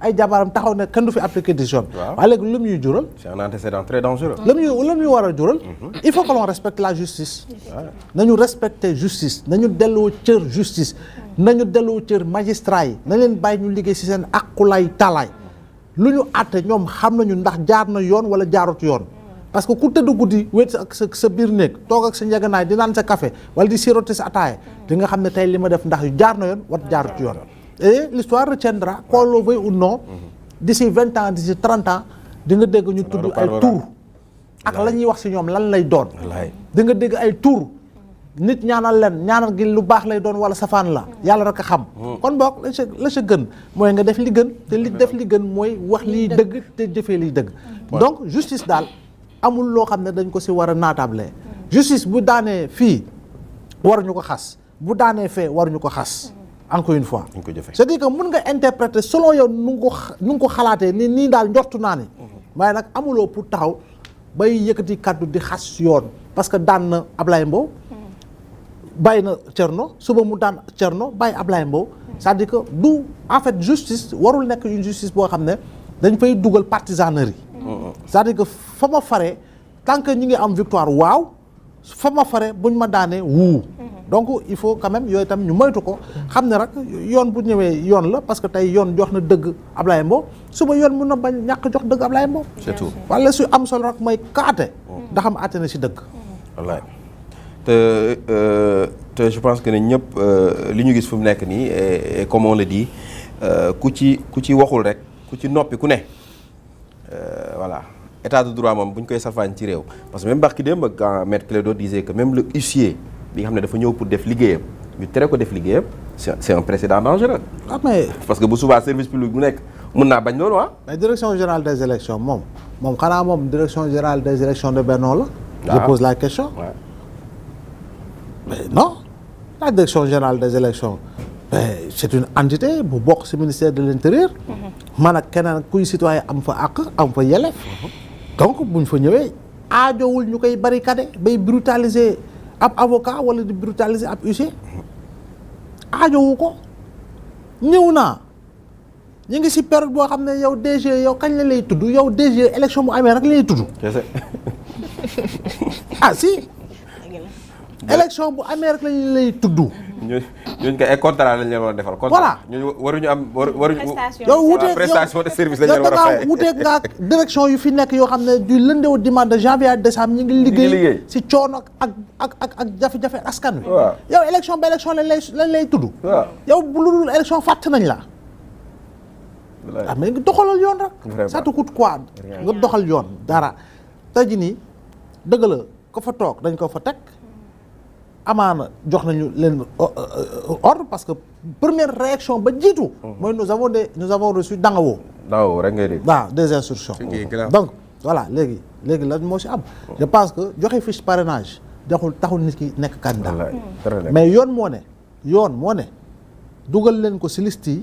Speaker 6: ay jabaram taxaw ne kenn du fi appliquer décision bi. waaw lu mu jural.
Speaker 3: c'est un antécédent très dangereux. lu mu ñuy
Speaker 6: lu mu ñuy jural. Mhm. il faut que l'on respecte la justice. nañu respecter justice nañu delo cër justice. nañu delo cër magistrat yi. na len bay ñu liggé ci sen akulay talay lu ñu àtte ñoom xam nañu ndax jaar na yoon wala jaarut yoon. parce que ku tëdd guddi wet ak sa sa biir néeg toog ak sa njaganaay di nan sa café wala di sirote sa ataaya di nga xam ne tey li ma def ndax yu jaar na yoon wat jaarut yoon. et l'histoire retiendra qu'on le veuille ou non d'ici vingt ans d'ici trente ans di nga dégg ñu tudd ay tur ak la ñuy wax si ñoom lan lay doon di nga dégg ay tur nit ñaanal leen ñaanal gi lu baax lay doon wala safaan la yàlla rek a xam hmm. kon boog la sa gën mooy nga def li gën te li def li gën mooy wax liy dëgg te jëfee liy dëgg hmm. donc justice daal amul loo xam ne dañ ko si war a naatable hmm. justice bu daanee fii waruñu ko xas bu daanee fee waruñu ko xas encore une fois. c'est-à-dire que interpréter selon vous, ni dal pour taw di xass yoon. parce que daan Ablaye Mbow. na suba mu dan Tierno Ablaye c'est-à-dire que en fait justice warul nek une justice bo xamné dañ fay partisanerie. c'est-à-dire que tant que ñi ngi am victoire waaw fama faré donc il faut quand même yooyu tam ñu moytu ko xam ne rek yoon bu ñëwee yoon la parce que tey yoon jox na dëgg Ablaye Mbow suba yoon mun na bañ ñàkk jox dëgg Ablaye Mbow c'est tout wala su am solo rek mooy kaate mm. ndax am àtte si dëgg
Speaker 3: euh, te je pense que ne ñëpp euh, li ñu gis fu mu nekk nii et comme on le dit euh, ku ci ku ci waxul rek ku ci noppi ku ne voilà état de droit moom bu ñu koy salfaañ ci réew parce que même barki démb maître Clédor disait ko même le huissier bi nga dafa ñëw pour def liggéeyam ñu tere ko def liggéeyam c'est un précédent dangereux. ah mais parce que bu souvent service public bu nekk mun naa bañ loolu ah.
Speaker 6: mais direction générale des élections moom moom xanaa moom direction générale des élections de Benno je ah. pose la question. mais non la direction générale des élections c'est une entité bu bokk ministère de l'intérieur.
Speaker 4: Mm-hmm.
Speaker 6: man ak keneen kuy citoyen am fa àq am fa yelef mm-hmm. donc buñ fa ñëwee aajowul ñu koy barricader bay brutaliser. ab avocat wala di brutaliser ab huissier aajowu ko ñëw naa ñu ngi si période boo xam ne yow DG yow kañ la lay tudd yow DG élection mu amee rek lay tudd ah si élection bu amee rek lañ lay tudd.
Speaker 3: ñooñu kay ay contrat lañ lay war defal. voilà ñooñu waruñu yow wuteeg prestation de service lañ
Speaker 6: direction yu fi nekk yoo xam ne du lundi au dimanche janvier à décembre ñu ngi liggéey si coono ak ak ak ak jafe-jafe askan wi. yow élection ba élection lañ lay lañ tudd. yow lu dul élection fàtt nañ la. ah mais nga doxalal yoon rek. ça te quoi nga doxal yoon dara. tey jii nii dëgg ko fa toog dañ ko fa teg. amana jox nañu leen euh, euh, ordre parce que première réaction ba jiitu. moy nous avons des nous avons reçu dangawo dangawoo rek ngay dit waaw des instructions. donc voilà légui légui lan mo ci am. je pense que joxe fiche parrainage taxul taxul nit ki nekk candidat. mais yone mo ne. yone mo ne dougal len ko ci liste yi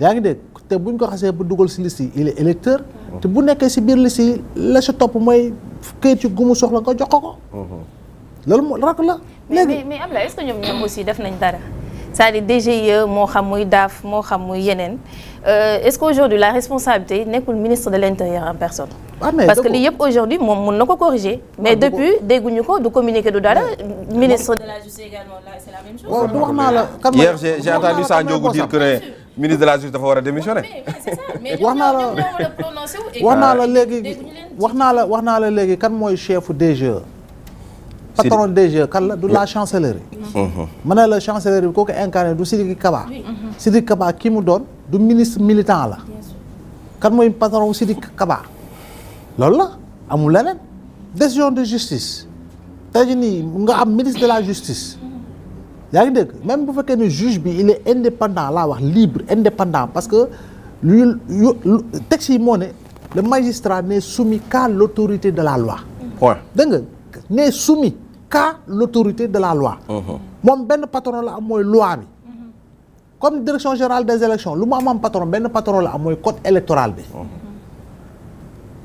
Speaker 6: yaa ngi dégg te buñ ko xasse bu dougal ci liste il est électeur. Mm-hmm. te bu nekkee ci bir liste yi la sa topp mooy këyit ci gumu soxla ko jox ko. Mm-hmm mais
Speaker 7: Amla, est-ce que nous avons aussi def nañ dara c'est-à-dire DGIE moo xam muy DAF moo xam euh, est-ce qu'aujourd'hui la responsabilité n'est le ministre de l'intérieur en personne. Ah, parce que lii aujourd'hui moom mun na corriger. Ah, mais depuis dégguñu ko du communiqué du dara. ministre de
Speaker 4: la justice également là c'est la même chose. Oh, hier j'ai entendu ça, le dire
Speaker 3: que ministre de la justice dafa war démissionner. ça.
Speaker 4: Mais le wax naa la le prononcé. Je
Speaker 6: la la est kan chef DGE patron DG kan la du la chancellerie. Uh-huh. mané la chancellerie bi kooku incarné du Sidiki Kaba. Uh-huh. Sidiki Kaba ki mu doon du ministre militant la. kan moy patron Sidiki Kaba. loolu la amul leneen décision de justice tey jii nga am ministre de la justice. Uh-huh. yaa ngi même bu fekkee juge bi il est indépendant la wax libre indépendant parce que lu taxi moné le magistrat n'est soumis qu'à l'autorité de la loi. Ouais. dégg nga n'est soumis qu'à l'autorité de la loi uh-huh. Mon ben patron la moi loi comme direction générale des élections le am patron ben patron la moi code électoral uh-huh.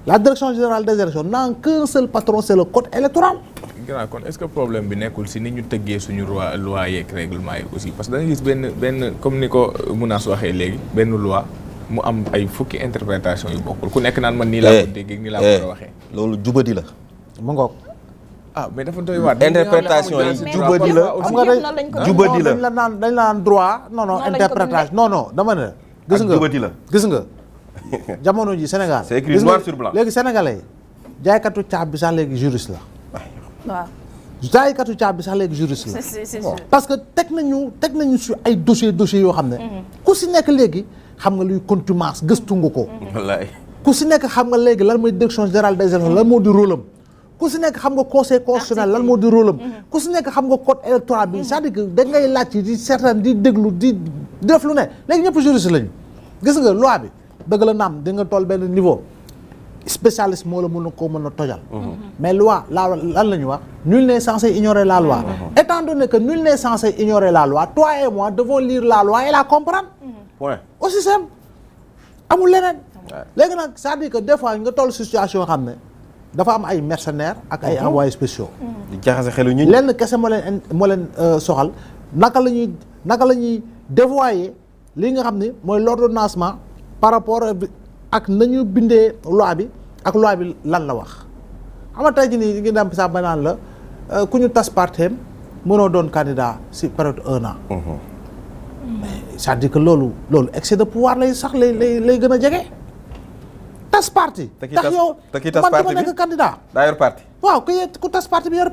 Speaker 6: la direction générale des élections n'a qu'un seul patron c'est le code électoral
Speaker 3: grand est-ce que le problème bi que si ni ñu tëggee suñu loi loi et règlement aussi parce que nous gis benn comme ni ko Mounass une léegi Il loi mu am ay une interprétation yu que ku nekk naan man nii laa ko eh, déggee
Speaker 6: ah mais dafa doy
Speaker 3: waar mm. interprétation yi di la xam nga day jubadi la
Speaker 6: la naan dañ la naan droit nono non interprétation non non dama ne nga jubadi la gis nga jamono ji Sénégal c'est léegi sénégalais jaaykatu caab bi sax léegi juriste la
Speaker 7: waaw
Speaker 6: jaaykatu caab léegi juriste parce que teg nañu teg nañu su ay dossier dossiers yoo xam ne mm-hmm. ku si nekk léegi xam nga luy contumace gëstu nga ko
Speaker 4: mm-hmm.
Speaker 6: ku si nekk xam nga léegi lan mooy direction générale des élections lan moo di rôle ku si nekk xam nga conseil constitutionnel lan moo di rôle am ku si nekk xam nga code électoral bi c'est-à-dire que da ngay laaj di certain di déglu di def lu ne léegi ñëpp juriste lañu gis nga loi bi dëgg la naam di nga toll benn niveau spécialiste moo la mën a koo mën a tojal mhm. mais loi la lan la ñu wax nul n'est censé ignorer la loi mhm. étant donné que nul n'est censé ignorer la loi toi et moi devons lire la loi et la comprendre point mhm. aussi simple amul leneen léegi nag c'est-à-dire que des fois nga toll situation xam ne dafa am ay mercenaires ak ay mhm. envoyés
Speaker 3: spéciaux. di jaxase xelu ñu
Speaker 6: lenn kese moo leen moo leen euh, soxal naka la ñuy naka la ñuy dévoyer li nga xam ne mooy l'ordonnancement par rapport ak nañu bindee loi bi ak loi bi lan la wax. xam nga tey jii nii ngi dem sax ba la euh, ku ñu tas parteem mënoo doon candidat si période un an. Mhm. loolu loolu excès de pouvoir lay sax lay lay lay gën a jege. tas parti. ndax yow man dama nekk candidat. daa yor parti.
Speaker 5: bi yor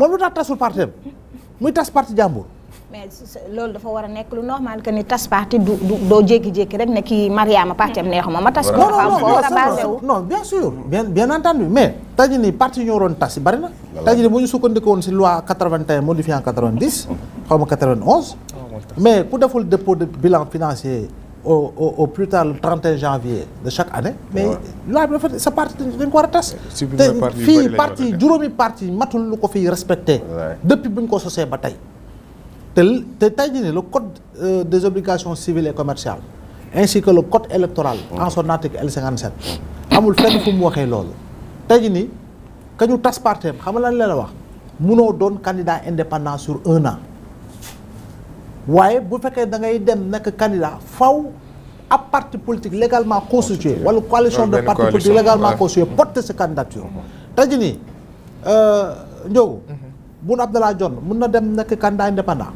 Speaker 6: moom lu tax tasul parti am muy
Speaker 5: war a nekk lu normal que ni tas parti du doo jékki-jékki rek ne kii Mariama parti am neexuma ma tas. ko non bien
Speaker 6: sûr bien bien entendu mais. tey nii parti yi ñu waroon tas yi bari na. tey nii bu ñu sukkandiku woon si loi 81 modifié en 90. xaw ma 91. Ah, mais ku deful dépôt de bilan financier. au, plus tard le 31 janvier de chaque année mais là parti d'une ko parti parti depuis le code euh, des obligations civiles et commerciales ainsi que le code électoral en son article L57 amul avons fait candidat indépendant sur un an waaye bu fekkee da ngay dem nekk candidat faw ab parti politique légalement constitué wala coalition de parti politique légalement constitué porte sa candidature mhm. tey jii nii euh, Ndiogu mhm. Boun jonn mun na dem nekk candidat indépendant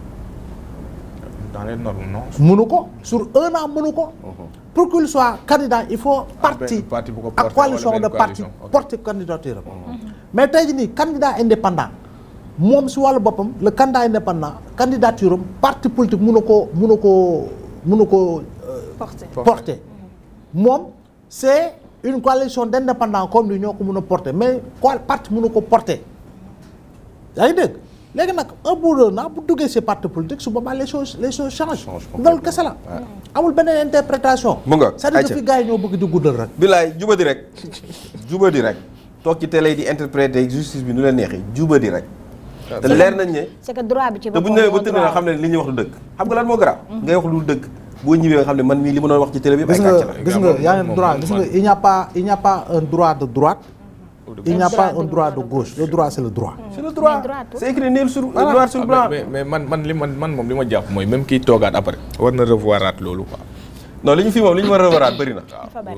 Speaker 6: dans les normes non mënu ko sur un an mënu ko mhm. pour qu'il soit candidat il faut ah, parti ak coalition de parti porte candidature mais tey jii nii candidat indépendant moom si wàllu boppam le candidat indépendant candidature parti politique mun na koo mun na mun euh,
Speaker 4: porter porter
Speaker 6: c'est une coalition d'indépendants comme ni ñoo ko mun a porter mais quoi parti mun na ko porter yaa ngi dégg. léegi nag un bout d'un bu duggee si parti politique su boobaa les choses les choses changent. loolu kese la amul beneen interprétation.
Speaker 3: mu nga
Speaker 4: cest à fi gars
Speaker 6: yi ñoo bëgg di guddal rek. bilaay di rek
Speaker 3: di rek toog ci télé di interpréter justice bi nu la neexee di rek. te leer nañ ne.
Speaker 5: c'est droit bi ci
Speaker 6: boppam bu ñu demee ba tëdd xam
Speaker 3: ne li ñuy wax du dëgg. xam nga lan moo garaaw. Mm-hmm. ngay wax lu dëgg boo ñëwee nga xam ne man mii li ma wax ci télé bi. ay kàcce la gis nga gis ngi droit gis nga
Speaker 6: il a pas il n'y a pas un droit de droite. il n'y un droit de gauche le droit c'est le droit.
Speaker 3: c'est le droit c'est écrit noir sur noir sur blanc. mais man man man moom li ma jàpp mooy même kiy toogaat après war na revoiraat loolu quoi. non liñ fi moom liñ ñu war bari na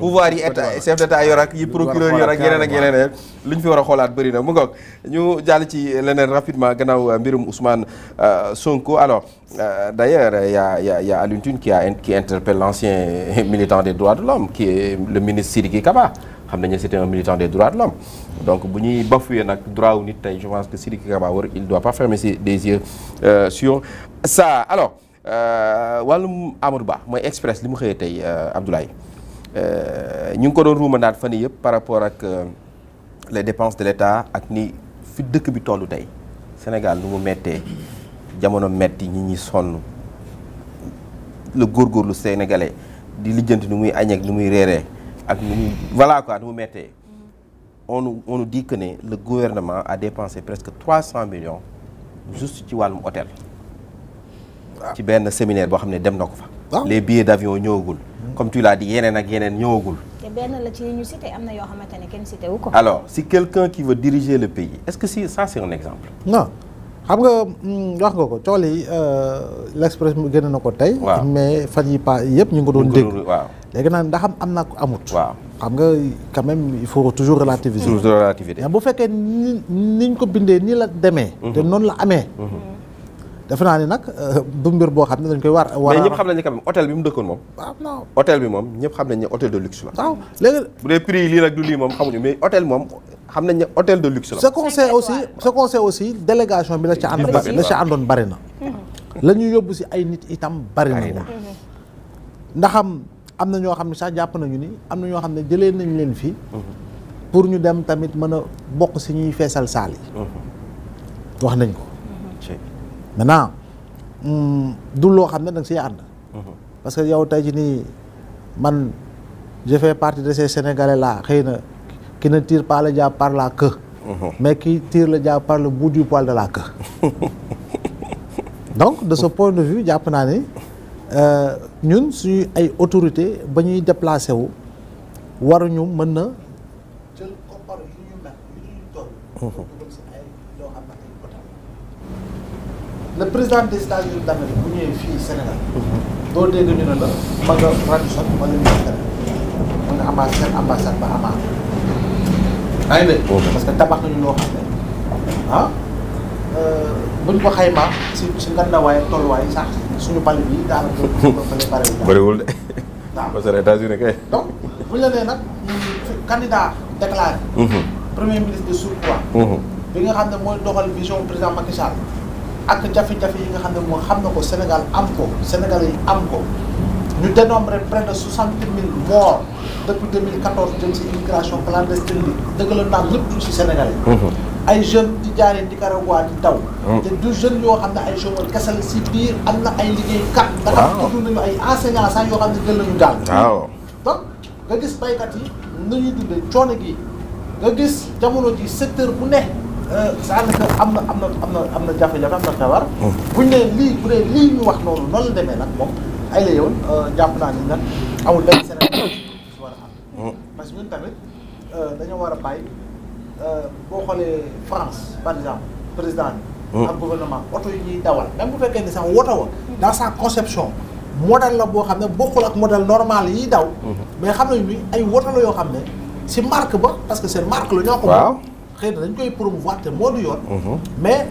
Speaker 3: pouvoir yi état chef d'état état yor ak yi procureur yor ak yeneen ak yeneen li ñu fi wara xolaat bari na mu ngok ñu jall ci leneen rapidement gannaaw euh, mbirum Ousmane euh, Sonko alors euh, d'ailleurs, il y a y a y a qui a qui interpelle l'ancien militant des droits de l'homme qui est le ministre Sidiki Kaba xam nañu c'était un militant des droits de l'homme donc bu ñuy bafoué droit wu nit tay je pense que Sidiki Kaba war il doit pas fermer ses yeux sur ça alors euh, wàllum Amadou Ba express limu mu tay euh, Abdoulaye euh, ñu ngi ko doon ruumandaat fan yii yëpp par rapport ak les dépenses de l'État ak ni fi dëkk bi tollu tay Sénégal nu metté jamono metti ñi ñi sonn gor góorgóorlu sénégalais di lijjanti ni muy añ ak nu muy réré ak muy voilà quoi nu metté on nous on nous dit que le gouvernement a dépensé presque 300 millions juste ci wàllum hôtel. Ah. ci ben séminaire bo xamné dem nako fa. Ah. les billets d'avion ñëwagul. comme tu l'as dit yenen ak yenen ñëwagul.
Speaker 5: te la ci ñu cité am na yoo kenn cité wu
Speaker 3: alors si quelqu'un qui veut diriger le pays est-ce que si ça c'est un exemple.
Speaker 6: non xam nga hmm, wax nga ko tool euh, l'Express mu génne na ko mais fan yi pa yépp ñu ngi doon dégg. légui nan nag ndax amna ko amut. waaw xam nga quand même il faut toujours relativiser. toujours relativiser bu fekkee niñ ko bindee ni la demee. Mhm. te noonu la amee. Mhm. defe naa ni nag euh, du mbir boo xam ne dañ koy war. war mais ñëpp xam
Speaker 3: nañ ne quand même bi mu dëkkoon moom. waaw ah, non hôtel bi moom ñëpp xam nañ ne hôtel de luxe la. waaw ah, léegi bu dee lii nag du lii moom
Speaker 6: xamuñu mais hôtel moom xam nañ ne hôtel de luxe la. ce qu'on sait aussi ce aussi délégation bi la ca ànd. bari la ca àndoon bari na.
Speaker 4: Mm-hmm. la
Speaker 6: ñuy yóbbu si ay nit itam bari na ko.
Speaker 4: Mm-hmm.
Speaker 6: ndaxam am na ñoo xam ne sax jàpp nañu ni am na ñoo xam ne jëlee nañ leen fii. Mm-hmm. pour ñu dem tamit mën a bokk si ñuy feesal saal yi. wax nañ ko. maintenant mm, du loo xam ne nag si siy ànd. Mhm. parce que yow tey jii nii man je fais partie de ces sénégalais là xëy na ki na tire pas le diable par la queue. Mhm. mais qui tire le diable par le du poil de la donc de ce point de vue jàpp naa ni euh, ñun suñu ay autorité ba ñuy déplacé wu waruñu mën na. le président des États-Unis d'Amérique bu ñëwee fii Sénégal. doo dégg ñu ne la ma nga tradition wala ñu ngi mën nga amaat seen ambassade ba amaat. yaa ngi parce que tabax nañu loo xam ne ah euh, buñ ko xaymaa si si ngandawaay ak tolluwaay sax suñu bal bi daanaka. daanaka bëriwul
Speaker 3: de. waaw parce que États-Unis kay.
Speaker 6: donc buñ la nee mhm. premier ministre de surcroît. Mhm. bi nga xam ne mooy doxal vision président Macky Sall. ak jafe-jafe yi nga xam ne moom xam na ko Sénégal am ko Sénégalais yi am ko ñu dénombré près de soixante mille morts depuis 2014 jëm si immigration clandestine bi dëgg la naam ñëpp du si Sénégalais. Mhm. ay jeunes di jaaree Nicaragua di daw. Mhm. te du jeunes yoo xam ne ay chômeurs kese la si biir am na ay liggéeykat. waaw dara tudd nañu ay enseignants sax yoo xam ne jël nañu gaal.
Speaker 4: waaw
Speaker 6: nga gis baykat yi nu ñuy dundee coono gi nga gis jamono di secteur bu ne. daanaka euh, am na am na am na am na jafe-jafe am na tawar. Hmm. bu ñu nee lii bu dee lii ñu wax noonu noonu la demee nag moom ay la yoon euh, jàpp naa ni nag amul benn Sénégal su war
Speaker 4: a am. Hmm. parce que
Speaker 6: tamit euh, dañoo war a bàyyi boo xoolee France par exemple président bi. Hmm. ak gouvernement oto yi ñuy dawal même bu fekkee ni sax woto wa dans sa conception. modèle la boo xam ne bokkul ak modèle normal yiy daw. mais xam nañu ay woto la yoo xam ne si marque ba parce que seen marque la ñoo ko. dañ koy promouvoir mhm. mais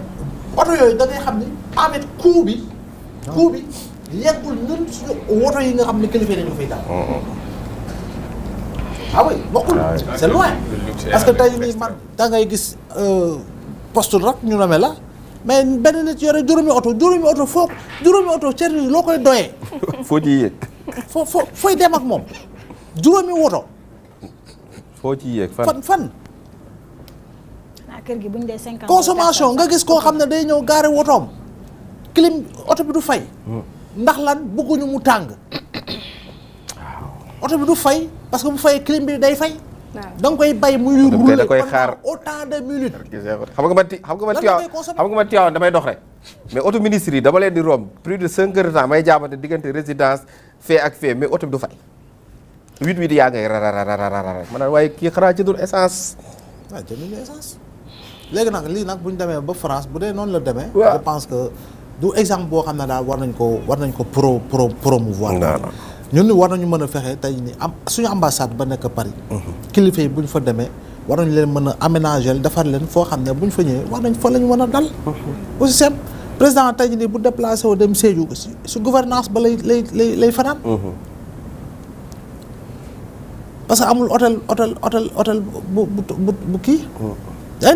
Speaker 6: oto yooyu da ngay xam ni en ah. yeggul ñun ne dañu mhm. ah, ah oui c'est loin. parce que tey nii man da ngay gis euh, poste rock ñu la mais benn nit yore juróomi oto juróomi oto foo juróomi oto cër yi loo koy doyee.
Speaker 3: foo ci yéeg.
Speaker 6: foo foo fooy dem ak moom juróomi foo ci yéeg fan fan.
Speaker 5: kër gi bu ñu dee cinquante consommation nga gis koo xam ne day ñëw
Speaker 6: gaare wotoom clim oto bi du fay hmm. ndax lan bëgguñu mu tàng oto bi du fay parce que bu fay clim bi day fay da nga koy bay muy rouler da koy xaar autant de minutes
Speaker 3: xam nga man ti xam nga man tiwaaw xam nga man tiwaaw damay dox rek mais auto ministre yi dama leen di romb plus de cinq heures de temps may jaabante diggante résidence fee ak fee mais oto bi du fay huit huit yaa ngay rararararara ma naan waaye kii xanaa jëndul essence waaw jëndul essence
Speaker 6: léegi nag lii nag bu ñu demee ba France bu dee noonu la demee. je pense que du exemple boo xam ne daal war nañ ko war nañ ko pro pro promouvoir. ñun war nañu mën a fexe tey nii am suñu ambassade ba nekk Paris. Mhm. kilifa yi bu ñu fa demee war nañu leen mën a aménager defar leen foo xam ne bu ñu fa ñëwee war nañ fa la ñu mën a dal. Mhm. aussi seen président tey nii bu déplacé woo dem Sédhiou su gouvernance ba lay lay lay lay fanaan. Mhm. parce que amul hôtel hôtel hôtel hôtel bu bu kii. yaa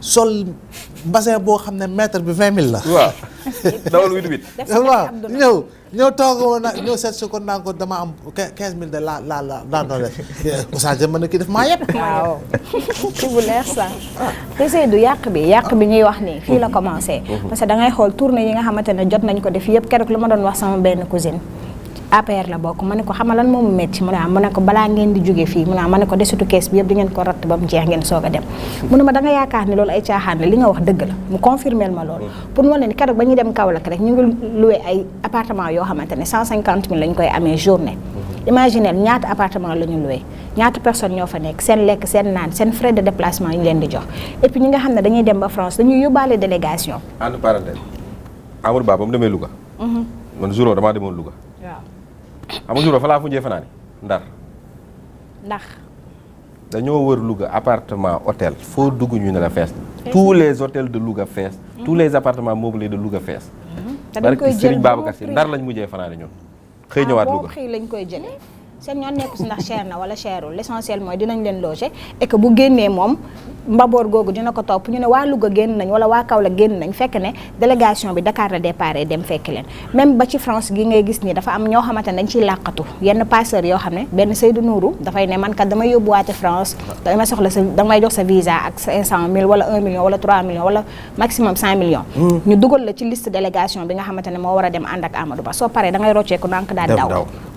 Speaker 6: sol bassin boo xam ne mètre bi vingt mille la. waaw dawal huit huit. waaw ñëw ñëw toogoo na ñëw seet su ko naan ko dama am quinze mille de la la la daan doon def oustaz na kii def maa yëpp. waaw
Speaker 5: tout bu leer sax. te Seydou yàq bi yàq bi ñuy wax nii fii la commencé. Mhm. parce que da ngay xool tournée yi nga xamante ne jot nañ ko def yëpp keroog lu ma doon wax sama benn cousine. APR la bokk ma ne ko xamal lan moomu métti mu ne ah mu ne ko balaa ngeen di jóge fii mu ne ah ma ne ko desitu kees bi yëpp di ngeen a ne ma da nga la li mm. appartement yoo xamante ne cent koy amee journée mm-hmm. imaginez ñaata appartement la ñu ñaata personne ñoo fa nekk seen lekk seen naan seen frais de déplacement yi ñu leen di jox et puis ñi nga xam ne dañuy dem ba France dañuy yóbbaale délégation
Speaker 3: entre parenthèse Amadou Ba ba mu demee Louga mm-hmm. man jour damaa demoon Louga xam nga Diourbel fa laa mujjee fanaani ndar. ndax. dañoo wër Louga appartement hôtel foo dugg ñuy ne la fees. tous les hôtels de Louga fees. Mhm. tous les appartements meublés de Louga fees.
Speaker 4: Mhm. te dañ koy jël Serigne Babacar Sy ndar
Speaker 3: lañ mujjee
Speaker 5: fanaani ñun. xëy ah, ñëwaat Louga xëy lañ koy jëlee. seen ñoon nekku si ndax cher na wala cherul l'essentiel mooy dinañ leen loger et que bu génnee moom mbaboor googu dina ko topp ñu ne waa Louga génn nañ wala waa Kaolack génn nañ fekk ne délégation bi Dakar la départ dem leen même ba ci France gi ngay gis nii dafa am ñoo xamante ne dañ ciy làqatu yenn passeur yoo xam ne benn Seydou Nourou dafay ne man kat damay yóbbuwaate France damay soxla sa damay jox sa visa ak sa 500000 wala 1 million wala 3 million wala maximum 100 millions hmm. ñu dugal la ci liste délégation bi nga xamante ne moo war a dem ànd ak Amadou Ba soo paree da ngay rocceeku ndànk daal daw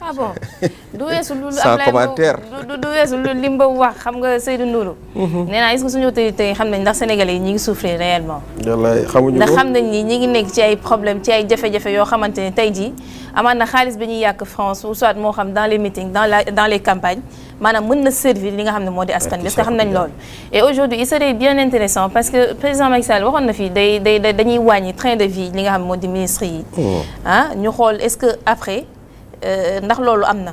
Speaker 7: ah bon commentaire ne sais wax xam nga Seydou Ndourou. ce que suñu xam nañ réellement. problèmes et aujourd'hui il serait bien intéressant parce que train de vie oh. ah, est-ce que ndax loolu am na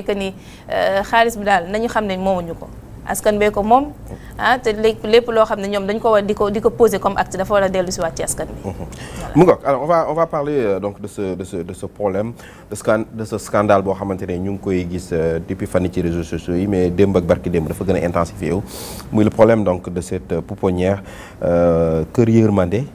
Speaker 7: mooy que ni euh, xaalis bi daal nañu xam ne ko askan bee ko moom ah te lépp loo xam ne ñoom dañ ko war di poser comme acte dafa war a dellu si waat askan bi
Speaker 3: mhm. mu ngoog alors on va on va parler euh, donc de ce de ce de ce problème de scan de ce scandale bo xamante ne ñu ngi koy gis euh, depuis fani yi ci réseaux sociaux mais démb ak barki
Speaker 4: démb dafa gën intensifier intensifié wu muy le problème donc de cette pouponnière Kër mandé